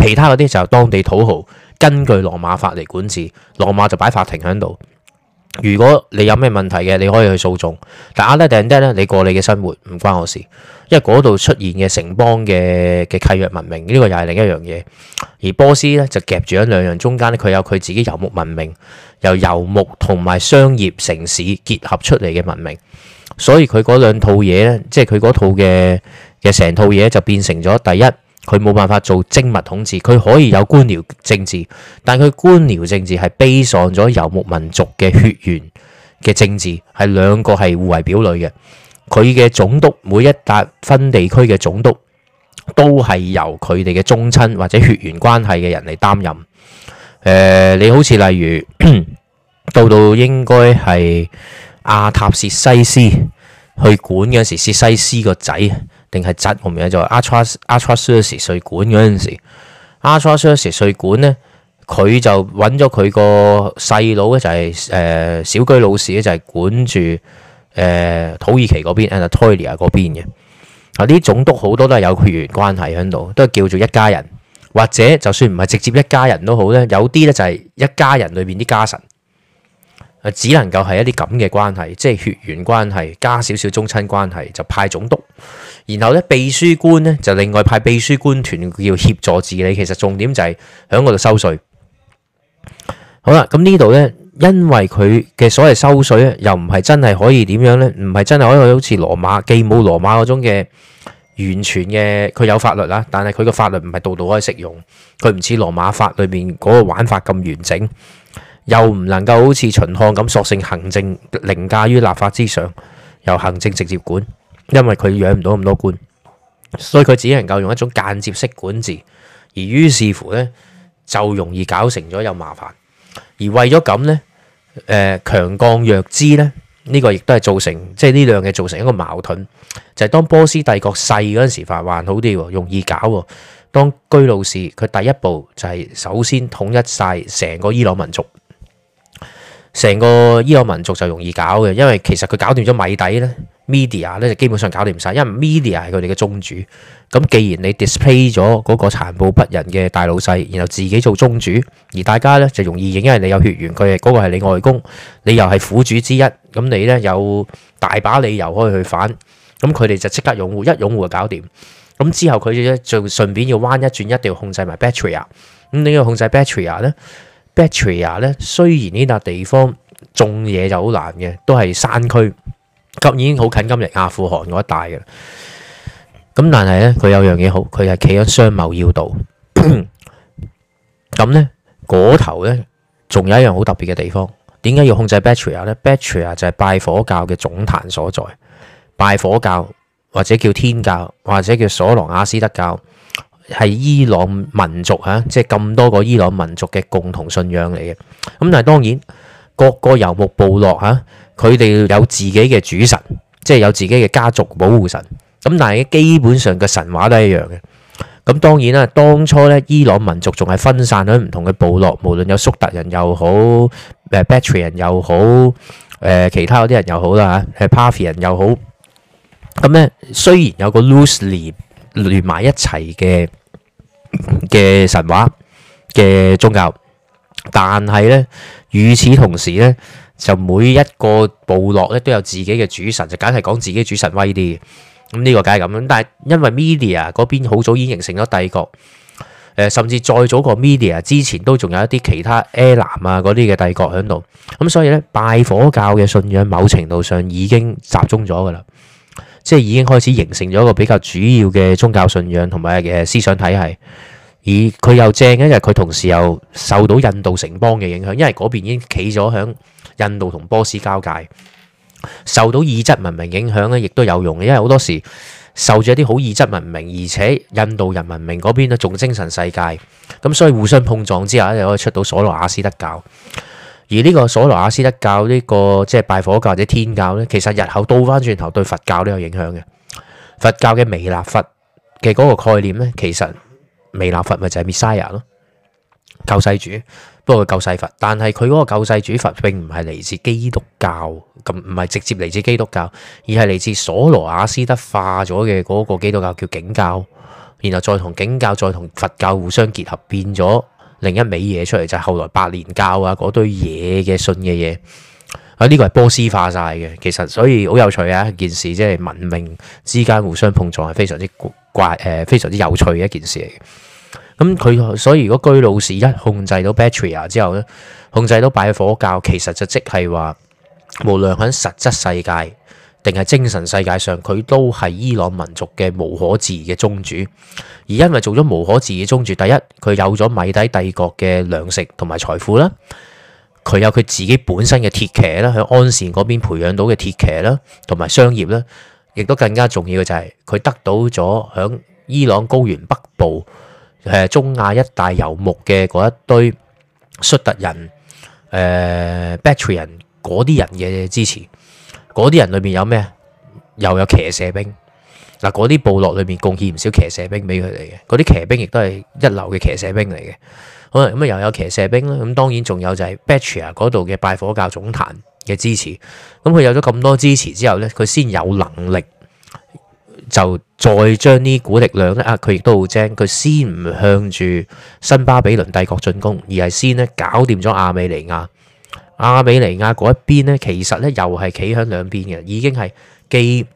Speaker 1: 其他嗰啲就係當地土豪根據羅馬法嚟管治，羅馬就擺法庭喺度。如果你有咩問題嘅，你可以去訴訟。但阿爹定爹咧，你過你嘅生活唔關我事，因為嗰度出現嘅城邦嘅嘅契約文明呢個又係另一樣嘢。而波斯呢，就夾住咗兩樣中間咧，佢有佢自己遊牧文明，由遊牧同埋商業城市結合出嚟嘅文明。所以佢嗰兩套嘢咧，即係佢嗰套嘅嘅成套嘢就變成咗第一，佢冇辦法做精密統治，佢可以有官僚政治，但係佢官僚政治係 based on 咗遊牧民族嘅血緣嘅政治，係兩個係互為表裏嘅。佢嘅總督每一笪分地區嘅總督都係由佢哋嘅宗親或者血緣關係嘅人嚟擔任。誒，你好似例如到到應該係。阿塔薛西斯去管嗰時，薛西斯個仔定係侄，我唔記得咗。阿塔薛西斯管嗰陣時，阿塔薛西斯管呢，佢就揾咗佢個細佬嘅，就係、是、誒、呃、小居魯士，咧，就係、是、管住誒、呃、土耳其嗰邊，安納托利亞嗰邊嘅。啊，啲總督好多都係有血緣關係喺度，都叫做一家人，或者就算唔係直接一家人都好咧，有啲咧就係一家人裏邊啲家臣。只能夠係一啲咁嘅關係，即係血緣關係加少少宗親關係就派總督，然後咧，秘書官咧就另外派秘書官團要協助治理。其實重點就係喺嗰度收稅。好啦，咁呢度呢，因為佢嘅所謂收稅咧，又唔係真係可以點樣呢？唔係真係可以好似羅馬，既冇羅馬嗰種嘅完全嘅，佢有法律啦，但係佢個法律唔係度度可以適用，佢唔似羅馬法裏面嗰個玩法咁完整。又唔能夠好似秦漢咁索性行政凌駕於立法之上，由行政直接管，因為佢養唔到咁多官，所以佢只能夠用一種間接式管治，而於是乎呢，就容易搞成咗又麻煩。而為咗咁呢，誒、呃、強幹弱枝呢，呢、這個亦都係造成即係呢兩嘢造成一個矛盾。就係、是、當波斯帝國細嗰陣時，反而還好啲，容易搞。當居魯士佢第一步就係首先統一晒成個伊朗民族。成個伊朗民族就容易搞嘅，因為其實佢搞掂咗米底咧，media 咧就基本上搞掂晒，因為 media 係佢哋嘅宗主。咁既然你 display 咗嗰個殘暴不仁嘅大老細，然後自己做宗主，而大家咧就容易影。因為你有血緣，佢係嗰個係你外公，你又係苦主之一，咁你咧有大把理由可以去反，咁佢哋就即刻擁護，一擁護就搞掂。咁之後佢咧就順便要彎一轉，一定要控制埋 b a t t e r i a 咁你要控制 battery 咧？Bactria 咧，雖然呢笪地方種嘢就好難嘅，都係山區，咁已經好近今日阿富汗嗰一帶嘅啦。咁但係咧，佢有樣嘢好，佢係企喺商貿要道。咁咧，嗰頭咧，仲有一樣好 樣、那個、一特別嘅地方。點解要控制 Bactria 咧？Bactria 就係拜火教嘅總壇所在。拜火教或者叫天教，或者叫索羅亞斯德教。係伊朗民族嚇，即係咁多個伊朗民族嘅共同信仰嚟嘅。咁但係當然各個游牧部落嚇，佢哋有自己嘅主神，即係有自己嘅家族保護神。咁但係基本上嘅神話都一樣嘅。咁當然啦，當初咧，伊朗民族仲係分散喺唔同嘅部落，無論有粟特人又好，誒 Bactrian 又好，誒、呃、其他嗰啲人又好啦嚇，係 Parthian 又好。咁、啊、咧，雖然有個 Loosele。a 聯埋一齊嘅嘅神話嘅宗教，但係咧，與此同時咧，就每一個部落咧都有自己嘅主神，就梗係講自己主神威啲嘅。咁呢個梗係咁啦。但係因為 Media 嗰邊好早已經形成咗帝國，誒，甚至再早過 Media 之前都仲有一啲其他埃蘭啊嗰啲嘅帝國喺度。咁所以咧，拜火教嘅信仰某程度上已經集中咗噶啦。即係已經開始形成咗一個比較主要嘅宗教信仰同埋嘅思想體系，而佢又正，因為佢同時又受到印度城邦嘅影響，因為嗰邊已經企咗喺印度同波斯交界，受到異質文明影響咧，亦都有用嘅，因為好多時受咗一啲好異質文明，而且印度人文明嗰邊咧仲精神世界，咁所以互相碰撞之下咧，就可以出到瑣羅亞斯德教。而呢個所羅亞斯德教呢、呢個即係拜火教或者天教呢，其實日後倒翻轉頭對佛教都有影響嘅。佛教嘅彌勒佛嘅嗰個概念呢，其實彌勒佛咪就係 Messiah 咯，救世主。不過佢救世佛，但係佢嗰個救世主佛並唔係嚟自基督教咁，唔係直接嚟自基督教，而係嚟自所羅亞斯德化咗嘅嗰個基督教叫景教，然後再同景教再同佛教互相結合變咗。另一味嘢出嚟就係、是、後來拜火教的的啊嗰堆嘢嘅信嘅嘢啊呢個係波斯化晒嘅，其實所以好有趣啊件事，即係文明之間互相碰撞係非常之怪誒，非常之有趣嘅一件事嚟嘅。咁、嗯、佢、嗯、所以如果居魯士一控制到巴比倫之後咧，控制到拜火教，其實就即係話，無論喺實質世界。定係精神世界上，佢都係伊朗民族嘅無可置疑嘅宗主。而因為做咗無可置疑嘅宗主，第一佢有咗米底帝國嘅糧食同埋財富啦，佢有佢自己本身嘅鐵騎啦，喺安善嗰邊培養到嘅鐵騎啦，同埋商業啦，亦都更加重要嘅就係佢得到咗喺伊朗高原北部中亞一帶遊牧嘅嗰一堆粟特人、誒巴庫人嗰啲人嘅支持。嗰啲人裏面有咩？又有騎射兵嗱，嗰啲部落裏面貢獻唔少騎射兵俾佢哋嘅。嗰啲騎兵亦都係一流嘅騎射兵嚟嘅。好啦，咁啊又有騎射兵啦。咁當然仲有就係 Bactria 嗰度嘅拜火教總壇嘅支持。咁佢有咗咁多支持之後咧，佢先有能力就再將呢股力量咧啊！佢亦都好精，佢先唔向住新巴比倫帝國進攻，而係先咧搞掂咗亞美尼亞。亞美尼亞嗰一邊咧，其實咧又係企喺兩邊嘅，已經係既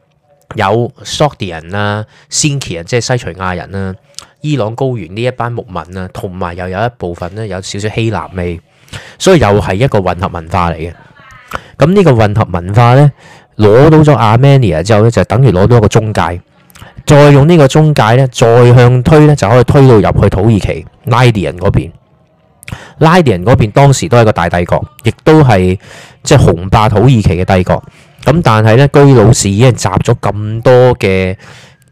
Speaker 1: 有 Scythian 人，啊、Scythian 即係西徐亞人啦、伊朗高原呢一班牧民啊，同埋又有一部分咧有少少希臘味，所以又係一個混合文化嚟嘅。咁呢個混合文化咧，攞到咗 Armenia 之後咧，就等於攞到一個中介，再用呢個中介咧，再向推咧就可以推到入去土耳其、Ladino 嗰邊。拉迪人嗰邊當時都係一個大帝國，亦都係即係雄霸土耳其嘅帝國。咁但係咧，居魯士已經集咗咁多嘅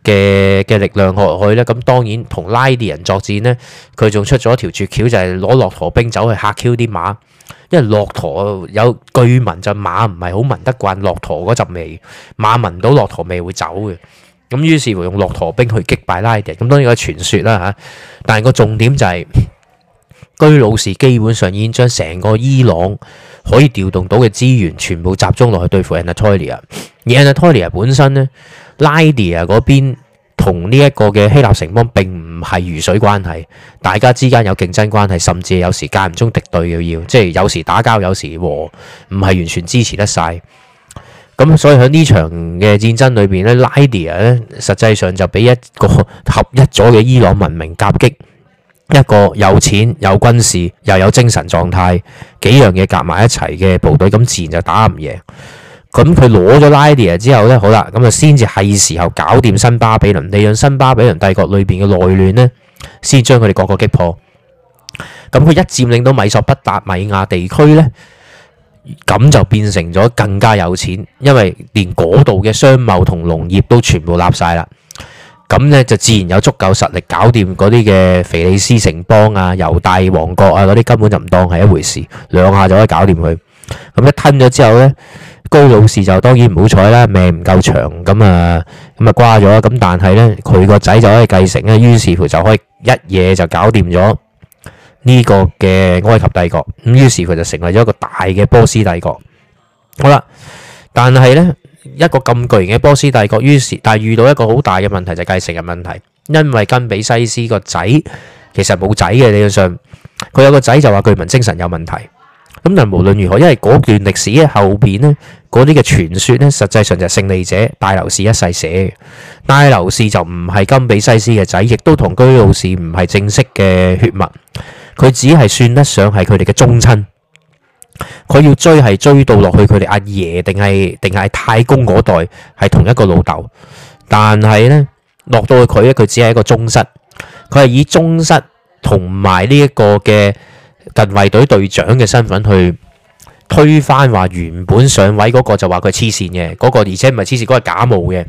Speaker 1: 嘅嘅力量落去咧，咁當然同拉迪人作戰咧，佢仲出咗一條絕橋，就係攞駱駝兵走去嚇 Q 啲馬，因為駱駝有巨聞，就馬唔係好聞得慣駱駝嗰陣味，馬聞到駱駝味會走嘅。咁於是用駱駝兵去擊敗拉迪。咁當然個傳說啦吓，但係個重點就係，是。居魯士基本上已經將成個伊朗可以調動到嘅資源全部集中落去對付安納托利亞，而安納托利亞本身咧，拉底亞嗰邊同呢一個嘅希臘城邦並唔係魚水關係，大家之間有競爭關係，甚至有時間唔中敵對嘅要，即係有時打交，有時和，唔係完全支持得晒。咁所以喺呢場嘅戰爭裏邊咧，拉底亞呢，實際上就俾一個合一咗嘅伊朗文明夾擊。一個有錢、有軍事、又有精神狀態幾樣嘢夾埋一齊嘅部隊，咁自然就打唔贏。咁佢攞咗呂底亞之後呢，好啦，咁啊先至係時候搞掂新巴比倫，利用新巴比倫帝國裏邊嘅內亂呢，先將佢哋各個擊破。咁佢一佔領到美索不達米亞地區呢，咁就變成咗更加有錢，因為連嗰度嘅商貿同農業都全部立晒啦。咁咧就自然有足夠實力搞掂嗰啲嘅腓力斯城邦啊、猶大王國啊，嗰啲根本就唔當係一回事，兩下就可以搞掂佢。咁一吞咗之後咧，高老士就當然唔好彩啦，命唔夠長，咁啊咁啊瓜咗。咁但係咧，佢個仔就可以繼承啦。於是乎就可以一嘢就搞掂咗呢個嘅埃及帝國。咁於是乎就成為咗一個大嘅波斯帝國。好啦，但係咧。一個咁巨型嘅波斯帝國，於是但係遇到一個好大嘅問題就係繼承人問題，因為金比西斯個仔其實冇仔嘅。理論上，佢有個仔就話據聞精神有問題，咁但係無論如何，因為嗰段歷史咧後邊呢嗰啲嘅傳說呢，實際上就係勝利者大流士一世寫嘅，大流士就唔係金比西斯嘅仔，亦都同居魯士唔係正式嘅血脈，佢只係算得上係佢哋嘅宗親。佢要追係追到落去佢哋阿爺定係定係太公嗰代係同一個老豆，但係呢，落到去佢佢只係一個宗室，佢係以宗室同埋呢一個嘅禁衛隊隊長嘅身份去推翻話原本上位嗰個就話佢係黐綫嘅嗰個，而且唔係黐綫，嗰個係假冒嘅，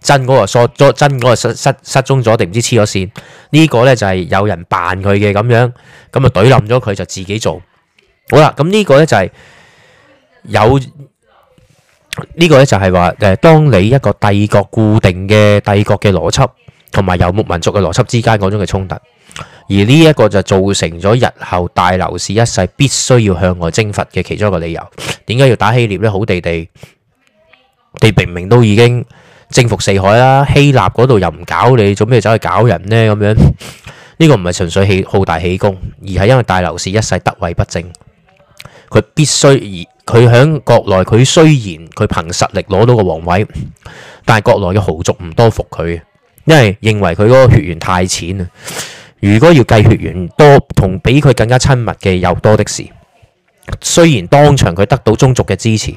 Speaker 1: 真嗰個失咗，真嗰個失失失蹤咗，定唔知黐咗綫呢個呢，就係有人扮佢嘅咁樣，咁啊懟冧咗佢就自己做。好啦，咁呢個咧就係有呢個咧就係話誒，當你一個帝國固定嘅帝國嘅邏輯，同埋遊牧民族嘅邏輯之間嗰種嘅衝突，而呢一個就造成咗日後大流士一世必須要向外征伐嘅其中一個理由。點解要打希臘咧？好地地，你明明都已經征服四海啦，希臘嗰度又唔搞你，做咩走去搞人咧？咁樣呢個唔係純粹係好大喜功，而係因為大流士一世得位不正。佢必須而佢喺國內，佢雖然佢憑實力攞到個皇位，但係國內嘅豪族唔多服佢，因為認為佢嗰個血緣太淺啦。如果要計血緣多，同比佢更加親密嘅又多的是。雖然當場佢得到宗族嘅支持，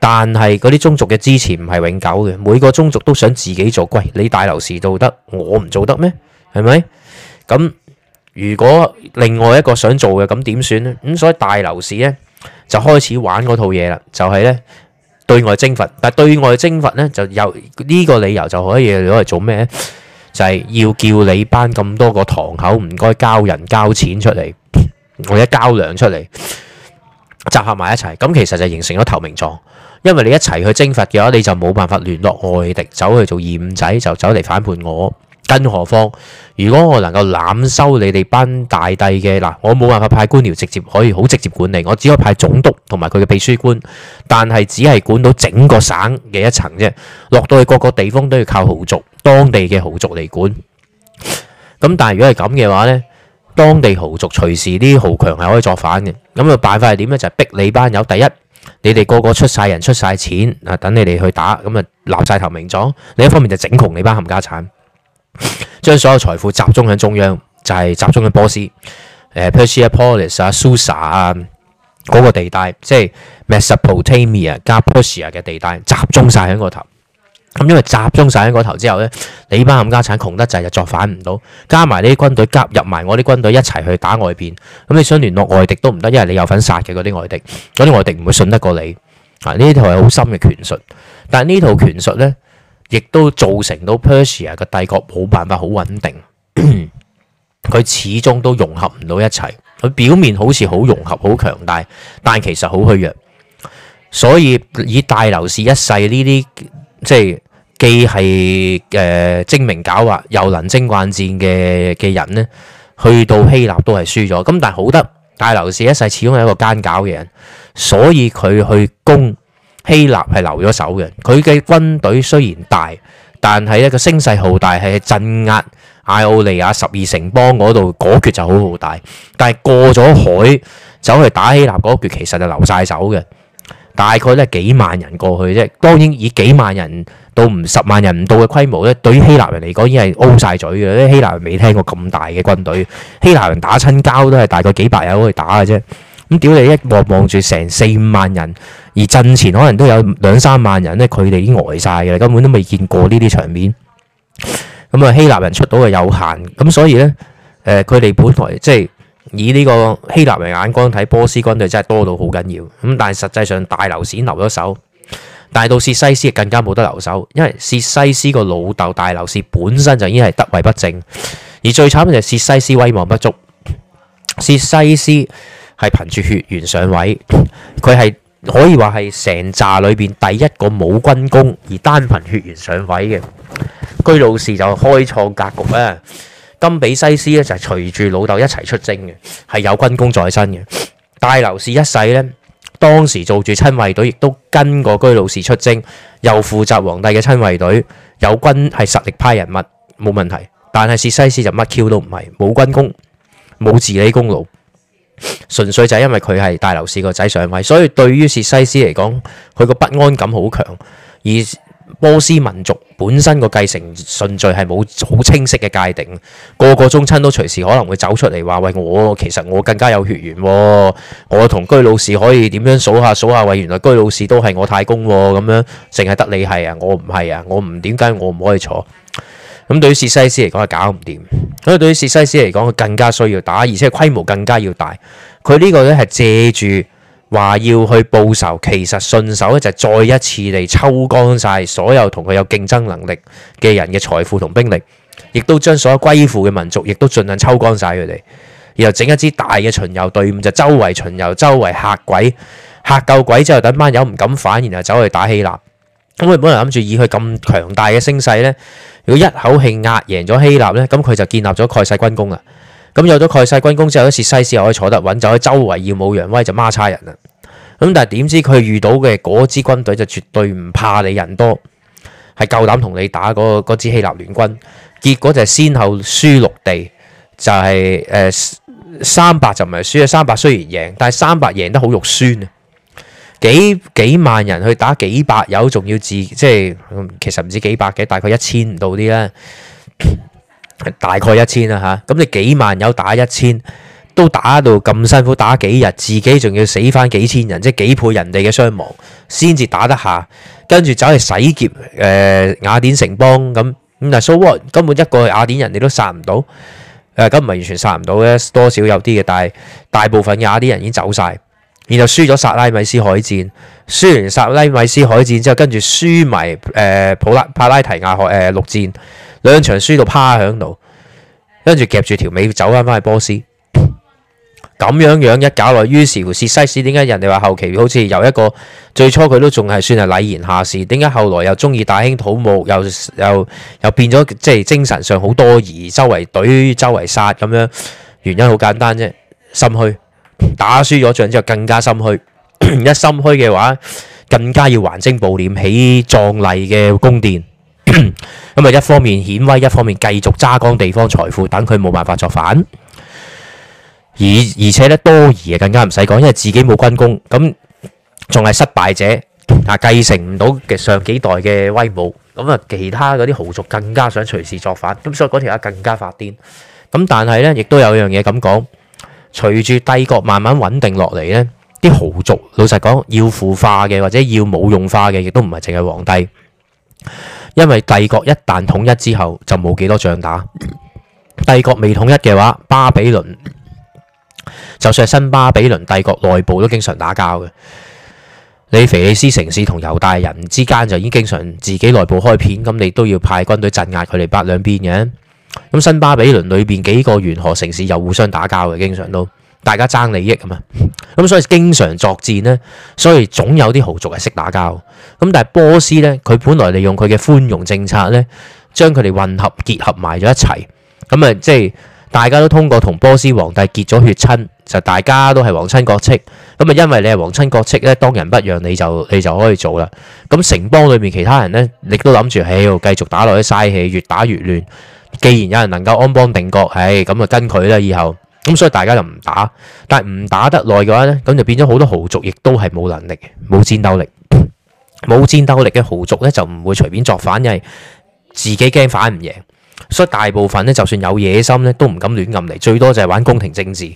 Speaker 1: 但係嗰啲宗族嘅支持唔係永久嘅。每個宗族都想自己做，喂，你大流士做得，我唔做得咩？係咪？咁如果另外一個想做嘅，咁點算咧？咁、嗯、所以大流士呢，就開始玩嗰套嘢啦，就係呢，對外征伐，但係對外征伐呢，就由呢個理由就可以攞嚟做咩？就係要叫你班咁多個堂口唔該交人交錢出嚟，或者交糧出嚟集合埋一齊，咁其實就形成咗投名狀，因為你一齊去征伐嘅話，你就冇辦法聯絡外敵走去做二五仔，就走嚟反叛我。更何況，如果我能夠攬收你哋班大帝嘅嗱，我冇辦法派官僚直接可以好直接管理，我只可以派總督同埋佢嘅秘書官，但係只係管到整個省嘅一層啫。落到去各個地方都要靠豪族當地嘅豪族嚟管。咁但係如果係咁嘅話呢，當地豪族隨時啲豪強係可以作反嘅。咁嘅辦法係點呢？就係逼你班友，第一，你哋個個出曬人出曬錢嗱，等你哋去打咁啊，立曬頭名狀。另一方面就整窮你班冚家產。將所有財富集中喺中央，就係、是、集中喺波斯，誒、呃、Persepolis 啊、Susa 啊、嗰、那個地帶，即係 Mesopotamia 加 Persia 嘅地帶，集中晒喺個頭。咁、啊、因為集中晒喺個頭之後咧，你班冚家產窮得滯就作反唔到，加埋呢啲軍隊夾入埋我啲軍隊一齊去打外邊，咁你想聯絡外敵都唔得，因為你有份殺嘅嗰啲外敵，嗰啲外敵唔會信得過你。嗱、啊、呢套係好深嘅權術，但係呢套權術咧。亦都造成到 Persia 個帝國冇辦法好穩定，佢 始終都融合唔到一齊。佢表面好似好融合好強大，但其實好虛弱。所以以大流士一世呢啲即係既係誒、呃、精明狡猾，又能征慣戰嘅嘅人呢，去到希臘都係輸咗。咁但係好得大流士一世始終係一個奸狡嘅人，所以佢去攻。希臘係留咗手嘅，佢嘅軍隊雖然大，但係一個聲勢浩大，係鎮壓艾奧尼亞十二城邦嗰度嗰決就好浩大。但係過咗海走去打希臘嗰決，其實就留晒手嘅。大概咧幾萬人過去啫，當然以幾萬人到唔十萬人唔到嘅規模咧，對於希臘人嚟講已經係 O 曬嘴嘅。希臘人未聽過咁大嘅軍隊，希臘人打親交都係大概幾百人去打嘅啫。咁屌你，一望望住成四五萬人，而陣前可能都有兩三萬人咧。佢哋已經呆曬嘅啦，根本都未見過呢啲場面。咁啊，希臘人出到係有限，咁所以咧，誒佢哋本來即係以呢個希臘人眼光睇波斯軍隊真係多到好緊要。咁但係實際上大流士已經留咗手，大到薛西斯更加冇得留守，因為薛西斯個老豆大流士本身就已經係德位不正，而最慘就係薛西斯威望不足。薛西斯係憑住血緣上位，佢係可以話係成紮裏邊第一個冇軍功而單憑血緣上位嘅。居魯士就開創格局啦，金比西斯咧就係隨住老豆一齊出征嘅，係有軍功在身嘅。大流士一世呢，當時做住親衛隊，亦都跟過居魯士出征，又負責皇帝嘅親衛隊，有軍係實力派人物，冇問題。但係薛西斯就乜 Q 都唔係，冇軍功，冇治理功勞。純粹就係因為佢係大流士個仔上位，所以對於薛西斯嚟講，佢個不安感好強。而波斯民族本身個繼承順序係冇好清晰嘅界定，個個宗親都隨時可能會走出嚟話喂，我其實我更加有血緣，啊，我同居魯士可以點樣數下數下，喂，原來居魯士都係我太公咁，啊、樣，淨係得你係啊，我唔係啊，我唔點解我唔可以坐？咁對於薛西斯嚟講，係搞唔掂，所以對於薛西斯嚟講，佢更加需要打，而且規模更加要大。佢呢個咧係借住話要去報仇，其實順手咧就再一次地抽乾晒所有同佢有競爭能力嘅人嘅財富同兵力，亦都將所有歸附嘅民族，亦都盡量抽乾晒佢哋，然後整一支大嘅巡遊隊伍，就周圍巡遊，周圍嚇鬼嚇夠鬼之後，等班友唔敢反，然後走去打希臘。咁佢本來諗住以佢咁強大嘅聲勢呢。如果一口氣壓贏咗希臘呢，咁佢就建立咗蓋世軍功啦。咁有咗蓋世軍功之後，薛西斯可以坐得穩，就喺周圍耀武揚威就孖差人啦。咁但係點知佢遇到嘅嗰支軍隊就絕對唔怕你人多，係夠膽同你打嗰支希臘聯軍。結果就係先後輸六地，就係誒三百就唔係輸啊，三百雖然贏，但係三百贏得好肉酸啊。幾幾萬人去打幾百友，仲要自即係、嗯，其實唔止幾百嘅，大概一千唔到啲啦，大概一千啦吓。咁、啊、你、嗯、幾萬友打一千，都打到咁辛苦，打幾日，自己仲要死翻幾千人，即係幾倍人哋嘅傷亡先至打得下。跟住走去洗劫誒、呃、雅典城邦咁咁，但 so what 根本一個雅典人你都殺唔到。誒、呃，咁唔係完全殺唔到嘅，多少有啲嘅，但係大部分雅典人已經走晒。然後輸咗薩拉米斯海戰，輸完薩拉米斯海戰之後，跟住輸埋誒、呃、普拉帕拉提亞海誒、呃、陸戰，兩場輸到趴喺度，跟住夾住條尾走翻翻去波斯，咁樣樣一搞落，於是乎薛西斯，點解人哋話後期好似由一個最初佢都仲係算係禮賢下士，點解後來又中意大興土木，又又又變咗即係精神上好多疑，周圍懟周圍殺咁樣，原因好簡單啫，心虛。打輸咗仗之後更加心虛，一心虛嘅話更加要橫徵暴斂，起壯麗嘅宮殿。咁啊，一方面顯威，一方面繼續揸光地方財富，等佢冇辦法作反。而而且咧多疑啊，更加唔使講，因為自己冇軍功，咁仲係失敗者，啊繼承唔到嘅上幾代嘅威武。咁啊，其他嗰啲豪族更加想隨時作反，咁所以嗰條友更加發癲。咁但係咧，亦都有樣嘢咁講。隨住帝國慢慢穩定落嚟，呢啲豪族老實講要腐化嘅，或者要冇用化嘅，亦都唔係淨係皇帝。因為帝國一旦統一之後就冇幾多仗打。帝國未統一嘅話，巴比倫就算係新巴比倫帝國內部都經常打交嘅。你非利士城市同猶大人之間就已經經常自己內部開片，咁你都要派軍隊鎮壓佢哋北兩邊嘅。咁新巴比倫裏邊幾個沿河城市又互相打交嘅，經常都大家爭利益咁啊。咁、嗯、所以經常作戰咧，所以總有啲豪族係識打交。咁但係波斯呢，佢本來利用佢嘅寬容政策呢，將佢哋混合結合埋咗一齊。咁、嗯、啊，即、就、係、是、大家都通過同波斯皇帝結咗血親，就大家都係皇親國戚。咁、嗯、啊，因為你係皇親國戚呢，當仁不讓，你就你就可以做啦。咁、嗯、城邦裏面其他人呢，亦都諗住，喺度繼續打落去嘥氣，越打越亂。既然有人能夠安邦定國，唉，咁就跟佢啦。以後咁，所以大家就唔打。但係唔打得耐嘅話咧，咁就變咗好多豪族，亦都係冇能力、冇戰鬥力、冇戰鬥力嘅豪族咧，就唔會隨便作反，因為自己驚反唔贏。所以大部分咧，就算有野心咧，都唔敢亂暗嚟，最多就係玩宮廷政治，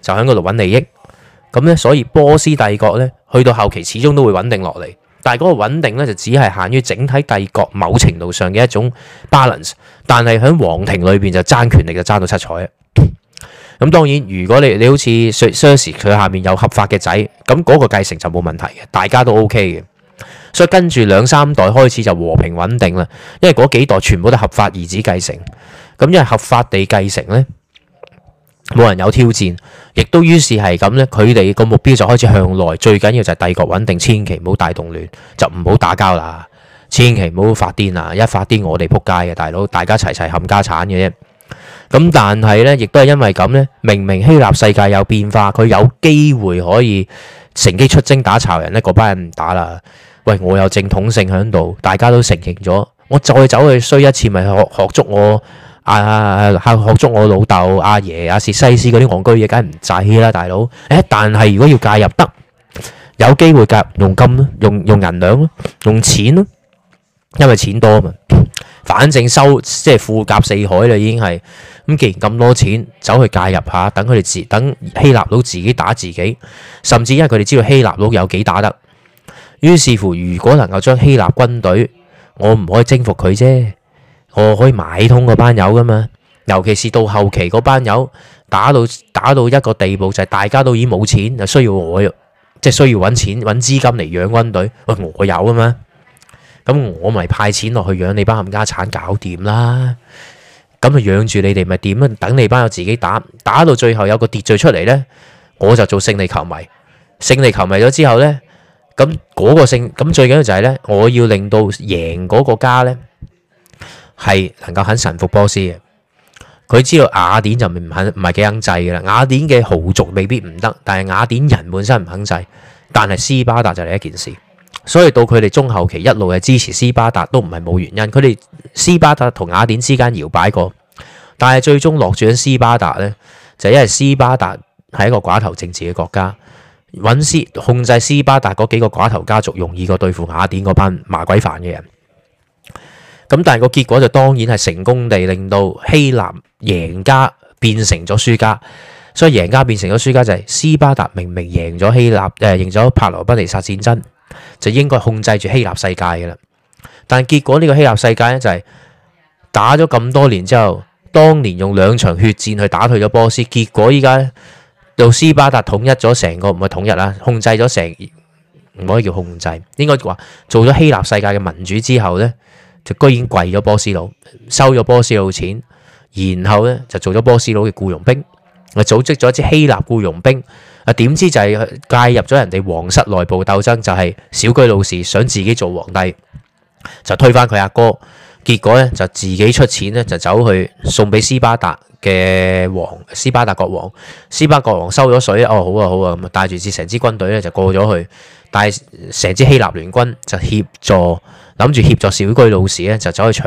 Speaker 1: 就喺度揾利益。咁咧，所以波斯帝國咧，去到後期，始終都會穩定落嚟。但係嗰個穩定咧，就只係限於整體帝國某程度上嘅一種 balance。但係喺皇庭裏邊就爭權力就爭到七彩。咁當然，如果你你好似 Xerxes 佢下面有合法嘅仔，咁嗰個繼承就冇問題嘅，大家都 OK 嘅。所以跟住兩三代開始就和平穩定啦，因為嗰幾代全部都合法兒子繼承。咁因為合法地繼承呢。冇人有挑戰，亦都於是係咁呢，佢哋個目標就開始向內。最緊要就係帝國穩定，千祈唔好大動亂，就唔好打交啦，千祈唔好發癲啦！一發癲我哋仆街嘅大佬，大家齊齊冚家產嘅啫。咁但係呢，亦都係因為咁呢，明明希臘世界有變化，佢有機會可以乘機出征打巢人，呢嗰班人唔打啦。喂，我有正統性響度，大家都承認咗，我再走去衰一次，咪學學足我。阿阿、啊、學學足我老豆阿爺阿薛、啊、西斯嗰啲戇居嘢，梗係唔制啦，大佬！誒，但係如果要介入得，有機會介入用金咯，用用銀兩咯，用錢咯，因為錢多啊嘛。反正收即係富甲四海啦，已經係咁。既然咁多錢，走去介入下，等佢哋自等希臘佬自己打自己，甚至因為佢哋知道希臘佬有幾打得，於是乎如果能夠將希臘軍隊，我唔可以征服佢啫。我可以買通嗰班友噶嘛？尤其是到後期嗰班友打到打到一個地步，就係大家都已經冇錢，就需要我，即係需要搵錢搵資金嚟養軍隊。喂，我有噶嘛？咁我咪派錢落去養你班冚家鏟，搞掂啦。咁啊，養住你哋咪點啊？等你班友自己打，打到最後有個秩序出嚟呢，我就做勝利球迷。勝利球迷咗之後呢，咁嗰個勝，咁最緊要就係呢，我要令到贏嗰個家呢，係能夠肯臣服波斯嘅，佢知道雅典就唔肯，唔係幾肯制嘅啦。雅典嘅豪族未必唔得，但係雅典人本身唔肯制。但係斯巴達就另一件事，所以到佢哋中後期一路係支持斯巴達都唔係冇原因。佢哋斯巴達同雅典之間搖擺過，但係最終落住喺斯巴達呢，就係因為斯巴達係一個寡頭政治嘅國家，搵斯控制斯巴達嗰幾個寡頭家族容易過對付雅典嗰班麻鬼煩嘅人。咁但係個結果就當然係成功地令到希臘贏家變成咗輸家，所以贏家變成咗輸家就係斯巴達明明贏咗希臘誒，贏咗柏羅奔尼撒戰爭就應該控制住希臘世界噶啦。但係結果呢個希臘世界咧就係打咗咁多年之後，當年用兩場血戰去打退咗波斯，結果依家到斯巴達統一咗成個，唔係統一啦，控制咗成，唔可以叫控制，應該話做咗希臘世界嘅民主之後咧，就居然跪咗波斯佬，收咗波斯佬錢，然後呢就做咗波斯佬嘅僱傭兵，啊組織咗一支希臘僱傭兵，啊點知就係介入咗人哋皇室內部鬥爭，就係、是、小居魯士想自己做皇帝，就推翻佢阿哥，結果呢就自己出錢呢，就走去送俾斯巴達嘅王，斯巴達國王，斯巴達國王收咗水，哦好啊好啊，咁、啊、帶住支成支軍隊咧就過咗去。但，成知希臘聯軍，就，疊咗，諗住，疊咗小居老士，就，就，就,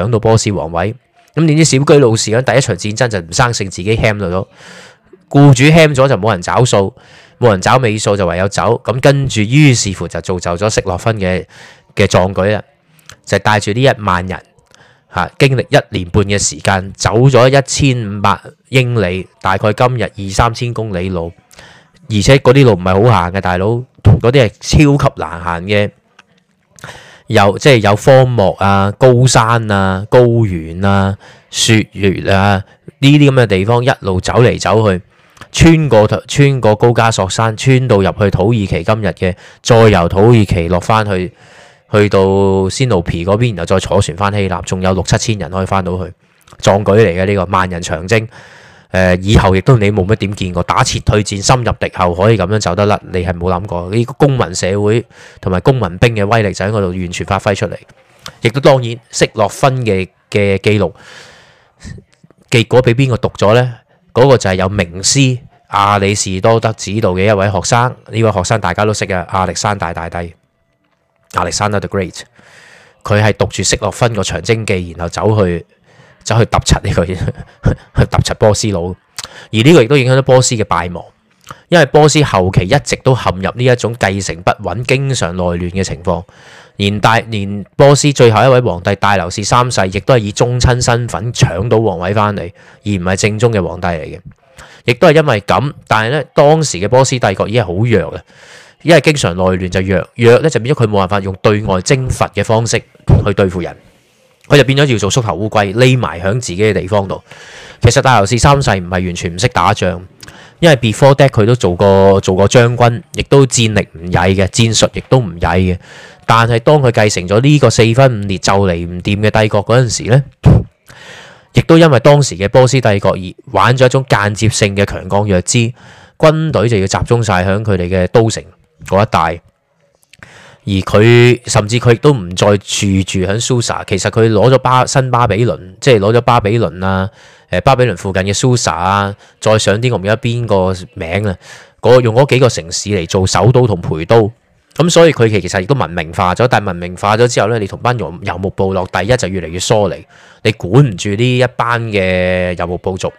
Speaker 1: 嗰啲係超級難行嘅，有即係、就是、有荒漠啊、高山啊、高原啊、雪月啊呢啲咁嘅地方，一路走嚟走去，穿過穿過高加索山，穿到入去土耳其今日嘅，再由土耳其落翻去去到仙奴皮嗰邊，然後再坐船翻希臘，仲有六七千人可以翻到去，壯舉嚟嘅呢個萬人長征。誒、呃、以後亦都你冇乜點見過，打撤退戰，深入敵後可以咁樣走得甩，你係冇諗過呢、呢個公民社會同埋公民兵嘅威力就喺嗰度完全發揮出嚟，亦都當然色諾芬嘅嘅記錄，結果俾邊個讀咗呢？嗰、嗰個就係有名師亞里士多德指導嘅一位學生，呢位學生大家都識嘅亞歷山大大帝，亞歷山大 học 生, the Great, 走去揼柒呢個，去揼柒波斯佬。而呢個亦都影響咗波斯嘅敗亡，因為波斯後期一直都陷入呢一種繼承不穩、經常內亂嘅情況。連大連波斯最後一位皇帝大流士三世，亦都係以忠親身份搶到皇位翻嚟，而唔係正宗嘅皇帝嚟嘅。亦都係因為咁，但係呢，當時嘅波斯帝國已經係好弱嘅，因為經常內亂就弱，弱呢就變咗佢冇辦法用對外征伐嘅方式去對付人。佢就變咗要做縮頭烏龜，匿埋喺自己嘅地方度。其實大流士三世唔係完全唔識打仗，因為 before that 佢都做過做過將軍，亦都戰力唔曳嘅，戰術亦都唔曳嘅。但係當佢繼承咗呢個四分五裂就嚟唔掂嘅帝國嗰陣時呢，亦都因為當時嘅波斯帝國而玩咗一種間接性嘅強幹弱枝，軍隊就要集中晒喺佢哋嘅都城嗰一帶。而佢甚至佢亦都唔再住住喺 Susa，其實佢攞咗巴新巴比倫，即係攞咗巴比倫啊，誒巴比倫附近嘅 Susa 啊，再上啲我唔記得邊個名啦，嗰用嗰幾個城市嚟做首都同陪都，咁所以佢其實亦都文明化咗，但係文明化咗之後咧，你同班遊遊牧部落第一就越嚟越疏離，你管唔住呢一班嘅遊牧部族，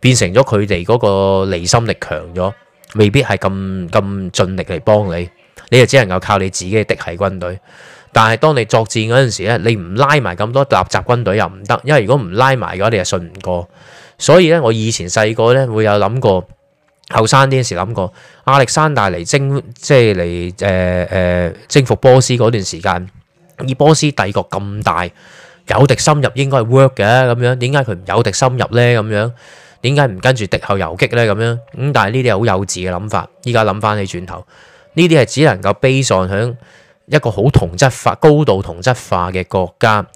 Speaker 1: 變成咗佢哋嗰個離心力強咗，未必係咁咁盡力嚟幫你。你就只能夠靠你自己嘅嫡系軍隊，但係當你作戰嗰陣時咧，你唔拉埋咁多垃圾軍隊又唔得，因為如果唔拉埋嘅話，你又信唔過。所以咧，我以前細個咧會有諗過，後生啲時諗過亞歷山大嚟征即係嚟誒誒征服波斯嗰段時間，以波斯帝國咁大，有敵深入應該係 work 嘅咁樣，點解佢唔有敵深入咧？咁樣點解唔跟住敵後遊擊咧？咁樣咁，但係呢啲係好幼稚嘅諗法。依家諗翻起轉頭。呢啲係只能夠悲喪喺一個好同質化、高度同質化嘅國家，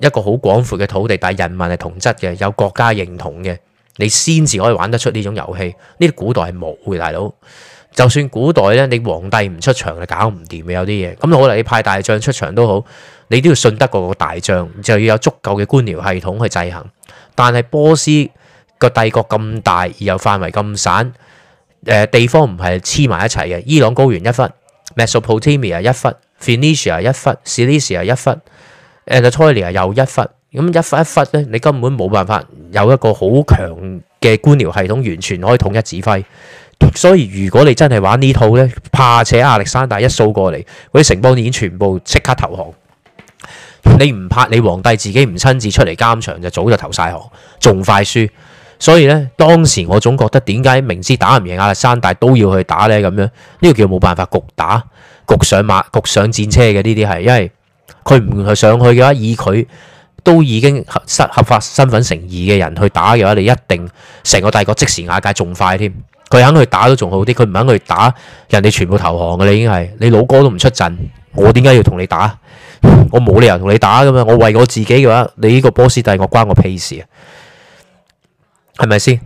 Speaker 1: 一個好廣闊嘅土地，但係人民係同質嘅，有國家認同嘅，你先至可以玩得出呢種遊戲。呢啲古代係冇嘅，大佬。就算古代咧，你皇帝唔出場就搞唔掂嘅，有啲嘢。咁可能你派大將出場都好，你都要信得過個大將，就要有足夠嘅官僚系統去制衡。但係波斯個帝國咁大，而又範圍咁散。誒地方唔係黐埋一齊嘅，伊朗高原一忽，Mesopotamia 一忽，Phoenicia 一忽，Syria 一忽，Anatolia 又一忽，咁一忽一忽咧，你根本冇辦法有一個好強嘅官僚系統完全可以統一指揮，所以如果你真係玩呢套咧，怕且亞歷山大一掃過嚟，嗰啲城邦已經全部即刻投降，你唔怕你皇帝自己唔親自出嚟監場就早就投晒降，仲快輸。所以咧，當時我總覺得點解明知打唔贏亞歷山大都要去打呢？咁樣呢個叫冇辦法局打、局上馬、局上戰車嘅呢啲係，因為佢唔去上去嘅話，以佢都已經合合法身份成義嘅人去打嘅話，你一定成個帝國即時瓦解仲快添。佢肯去打都仲好啲，佢唔肯去打，人哋全部投降嘅，你已經係，你老哥都唔出陣，我點解要同你打？我冇理由同你打㗎嘛，我為我自己嘅話，你呢個波斯帝國關我屁事啊！係咪先？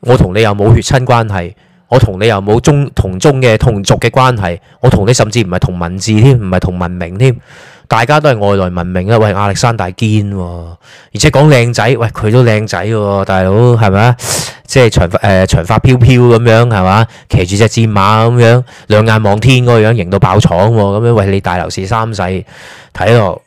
Speaker 1: 我同你又冇血親關係，我同你又冇宗同宗嘅同族嘅關係，我同你甚至唔係同文字添，唔係同文明添。大家都係外來文明啊！喂，亞歷山大堅，而且講靚仔，喂佢都靚仔，大佬係咪啊？即係長髮誒，長髮飄飄咁樣係嘛，騎住隻戰馬咁樣，兩眼望天嗰個樣，型到爆廠咁樣。喂，你大流士三世，睇落。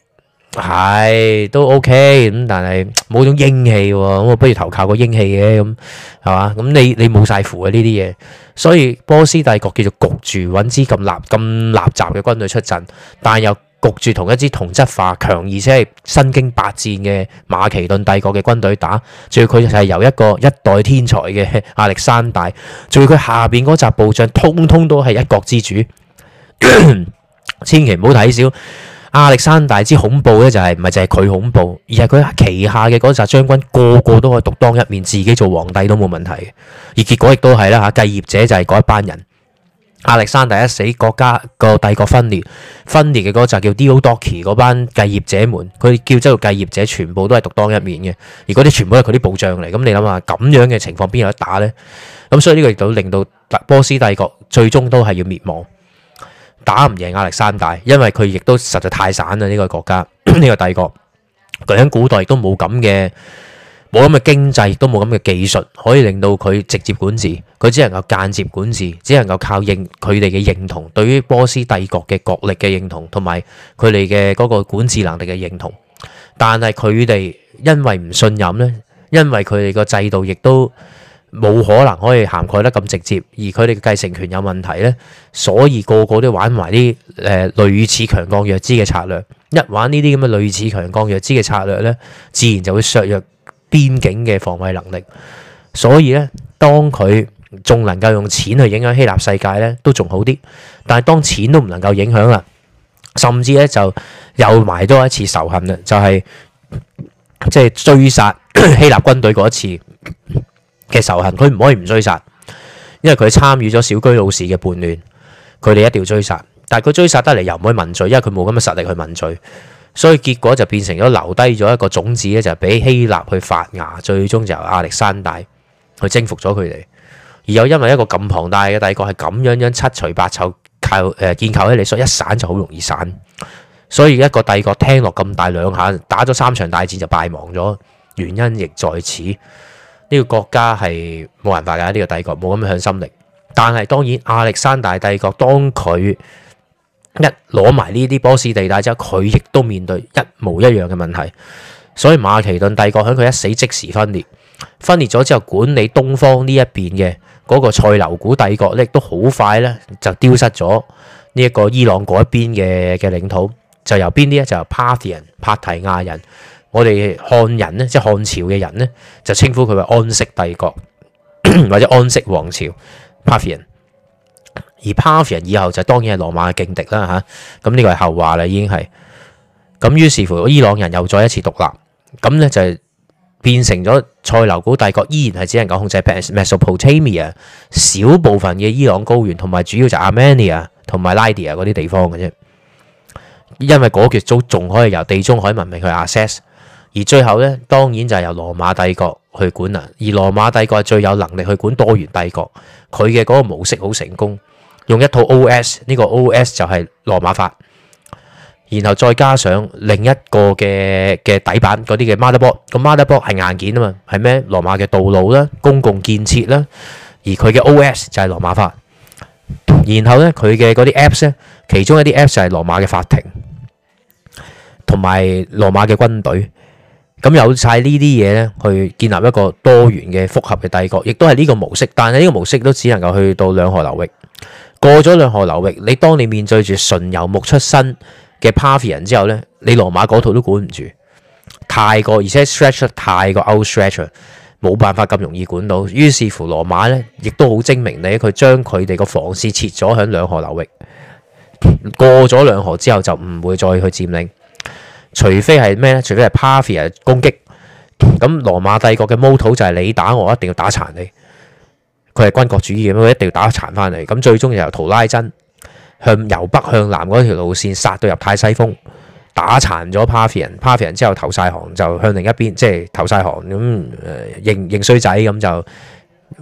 Speaker 1: 係、哎、都 OK 咁，但係冇種英氣喎，啊，咁我不如投靠個英氣嘅咁係嘛？咁你你冇晒符嘅呢啲嘢，所以波斯帝國叫做焗住搵支咁垃咁垃雜嘅軍隊出陣，但又焗住同一支同質化強而且係身經百戰嘅馬其頓帝國嘅軍隊打，仲要佢係由一個一代天才嘅亞歷山大，仲要佢下邊嗰紮部將通通都係一國之主， 千祈唔好睇小。亞歷山大之恐怖咧、就是，是就係唔係淨係佢恐怖，而係佢旗下嘅嗰紮將軍個個都可以獨當一面，自己做皇帝都冇問題。而結果亦都係啦吓，繼業者就係嗰一班人。亞歷山大一死，國家個帝國分裂，分裂嘅嗰紮叫 Diadochi 嗰班繼業者們，佢叫咗做繼業者，全部都係獨當一面嘅。而嗰啲全部都係佢啲部將嚟，咁你諗下咁樣嘅情況邊有得打呢？咁所以呢個亦都令到波斯帝國最終都係要滅亡。打唔贏亞歷山大，因為佢亦都實在太散啦！呢個國家，呢個帝國，佢喺古代都冇咁嘅，冇咁嘅經濟，都冇咁嘅技術，可以令到佢直接管治。佢只能夠間接管治，只能夠靠認佢哋嘅認同，對於波斯帝國嘅國力嘅認同，同埋佢哋嘅嗰個管治能力嘅認同。但係佢哋因為唔信任呢，因為佢哋個制度亦都。冇可能可以涵蓋得咁直接，而佢哋嘅繼承權有問題呢，所以個個都玩埋啲誒，類似強幹弱枝嘅策略。一玩呢啲咁嘅類似強幹弱枝嘅策略呢，自然就會削弱邊境嘅防衛能力。所以呢，當佢仲能夠用錢去影響希臘世界呢，都仲好啲。但係當錢都唔能夠影響啦，甚至呢就又埋多一次仇恨啦，就係即係追殺 希臘軍隊嗰一次。嘅仇恨，佢唔可以唔追殺，因為佢參與咗小居魯士嘅叛亂，佢哋一定要追殺。但係佢追殺得嚟又唔可以問罪，因為佢冇咁嘅實力去問罪，所以結果就變成咗留低咗一個種子咧，就俾、是、希臘去發芽，最終就由亞歷山大去征服咗佢哋。而又因為一個咁龐大嘅帝國係咁樣樣七除八湊，靠誒、呃、建構喺你，所以一散就好容易散。所以一個帝國聽落咁大兩下，打咗三場大戰就敗亡咗，原因亦在此。呢個國家係冇辦法噶，呢個帝國冇咁向心力。但係當然，亞歷山大帝國當佢一攞埋呢啲波斯地帶之後，佢亦都面對一模一樣嘅問題。所以馬其頓帝國喺佢一死即時分裂，分裂咗之後，管理東方呢一邊嘅嗰個塞琉古帝國亦都好快咧就丟失咗呢一個伊朗嗰一邊嘅嘅領土，就由邊啲咧就係帕提人、帕提亞人。我哋漢人咧，即係漢朝嘅人咧，就稱呼佢為安息帝國 或者安息王朝 Parthian 而 Parthian 以後就當然係羅馬嘅勁敵啦嚇。咁、啊、呢、這個係後話啦，已經係咁。於是乎，伊朗人又再一次獨立，咁呢就變成咗塞琉古帝國，依然係只能夠控制 Mesopotamia 小部分嘅伊朗高原，同埋主要就 Armenia 同埋 Lydia 嗰啲地方嘅啫。因為嗰個民族仲可以由地中海文明去 access。而最後咧，當然就係由羅馬帝國去管啦。而羅馬帝國最有能力去管多元帝國，佢嘅嗰個模式好成功，用一套 O.S. 呢個 O.S. 就係羅馬法，然後再加上另一個嘅嘅底板嗰啲嘅 motherboard。咁 motherboard 係 mother 硬件啊嘛，係咩？羅馬嘅道路啦，公共建設啦。而佢嘅 O.S. 就係羅馬法，然後咧佢嘅嗰啲 Apps 咧，app s，其中一啲 Apps 就係羅馬嘅法庭同埋羅馬嘅軍隊。咁有晒呢啲嘢咧，去建立一個多元嘅複合嘅帝國，亦都係呢個模式。但係呢個模式都只能夠去到兩河流域。過咗兩河流域，你當你面對住純游牧出身嘅 Parth 人之後咧，你羅馬嗰套都管唔住，太過而且 stretch 得、er, 太過 out stretch，冇、er, 辦法咁容易管到。於是乎呢，羅馬咧亦都好精明地，佢將佢哋個防線設咗響兩河流域。過咗兩河之後，就唔會再去佔領。除非係咩咧？除非係 p a r t i a 攻擊，咁羅馬帝國嘅 m o 就係你打我，一定要打殘你。佢係軍國主義咁，佢一定要打殘翻你。咁最終由圖拉真向由北向南嗰條路線殺到入泰西風，打殘咗 p a r t i a p a r t i a 之後投晒降，就向另一邊即係投晒降咁，認認衰仔咁就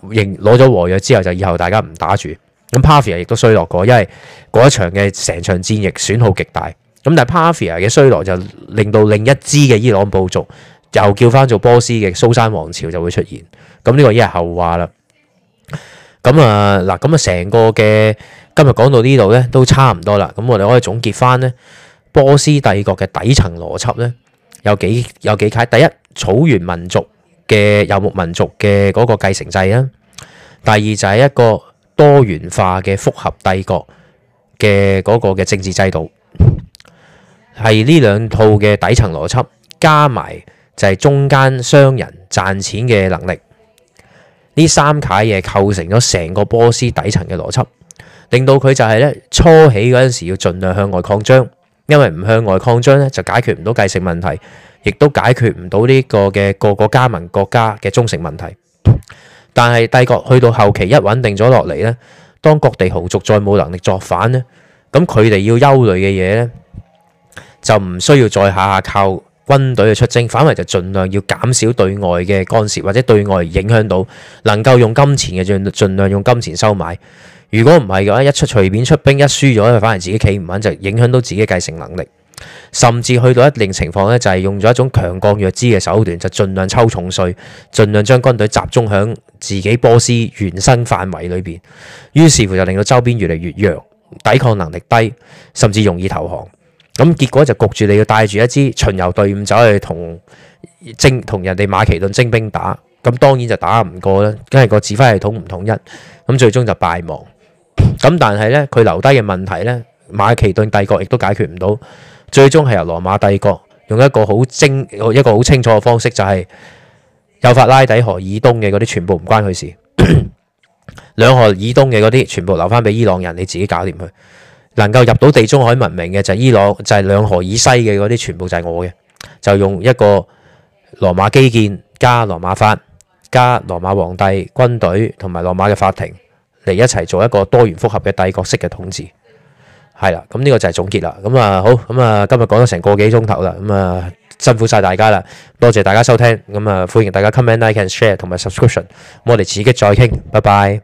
Speaker 1: 認攞咗和約之後，就以後大家唔打住。咁 p a r t i a 亦都衰落過，因為嗰一場嘅成場戰役損耗極大。咁但係帕提亞嘅衰落就令到另一支嘅伊朗部族又叫翻做波斯嘅薩珊王朝就會出現。咁呢個已係後話啦。咁啊嗱，咁啊成個嘅今日講到呢度咧，都差唔多啦。咁我哋可以總結翻咧，波斯帝國嘅底層邏輯咧有幾有幾解？第一，草原民族嘅遊牧民族嘅嗰個繼承制啊。第二就係一個多元化嘅複合帝國嘅嗰個嘅政治制度，係呢兩套嘅底層邏輯，加埋就係中間商人賺錢嘅能力，呢三件嘢構成咗成個波斯底層嘅邏輯，令到佢就係咧初起嗰陣時要盡量向外擴張，因為唔向外擴張咧就解決唔到繼承問題，亦都解決唔到呢個嘅各個加盟國家嘅忠誠問題。但係帝國去到後期一穩定咗落嚟咧，當各地豪族再冇能力作反咧，咁佢哋要憂慮嘅嘢咧。就唔需要再下下靠軍隊嘅出征，反為就盡量要減少對外嘅干涉，或者對外影響到能夠用金錢嘅盡儘量用金錢收買。如果唔係嘅話，一出隨便出兵一輸咗，反而自己企唔穩就影響到自己繼承能力，甚至去到一定情況咧，就係用咗一種強幹弱枝嘅手段，就盡量抽重稅，盡量將軍隊集中響自己波斯原生範圍裏邊，於是乎就令到周邊越嚟越弱，抵抗能力低，甚至容易投降。咁結果就焗住你要帶住一支巡遊隊伍走去同徵同人哋馬其頓精兵打，咁當然就打唔過啦，因為個指揮系統唔統一，咁最終就敗亡。咁但係呢，佢留低嘅問題呢，馬其頓帝國亦都解決唔到，最終係由羅馬帝國用一個好精一個好清楚嘅方式、就係，就係幼發拉底河以東嘅嗰啲全部唔關佢事，兩 河以東嘅嗰啲全部留翻俾伊朗人，你自己搞掂佢。能夠入到地中海文明嘅就係、是、伊朗，就係、是、兩河以西嘅嗰啲，全部就係我嘅。就用一個羅馬基建加羅馬法加羅馬皇帝軍隊同埋羅馬嘅法庭嚟一齊做一個多元複合嘅帝國式嘅統治。係啦，咁、嗯、呢、這個就係總結啦。咁啊，好，咁啊，今日講咗成個幾鐘頭啦，咁啊辛苦晒大家啦，多謝大家收聽。咁啊，歡迎大家 comment、like and share 同埋 subscription。我哋次集再傾，拜拜。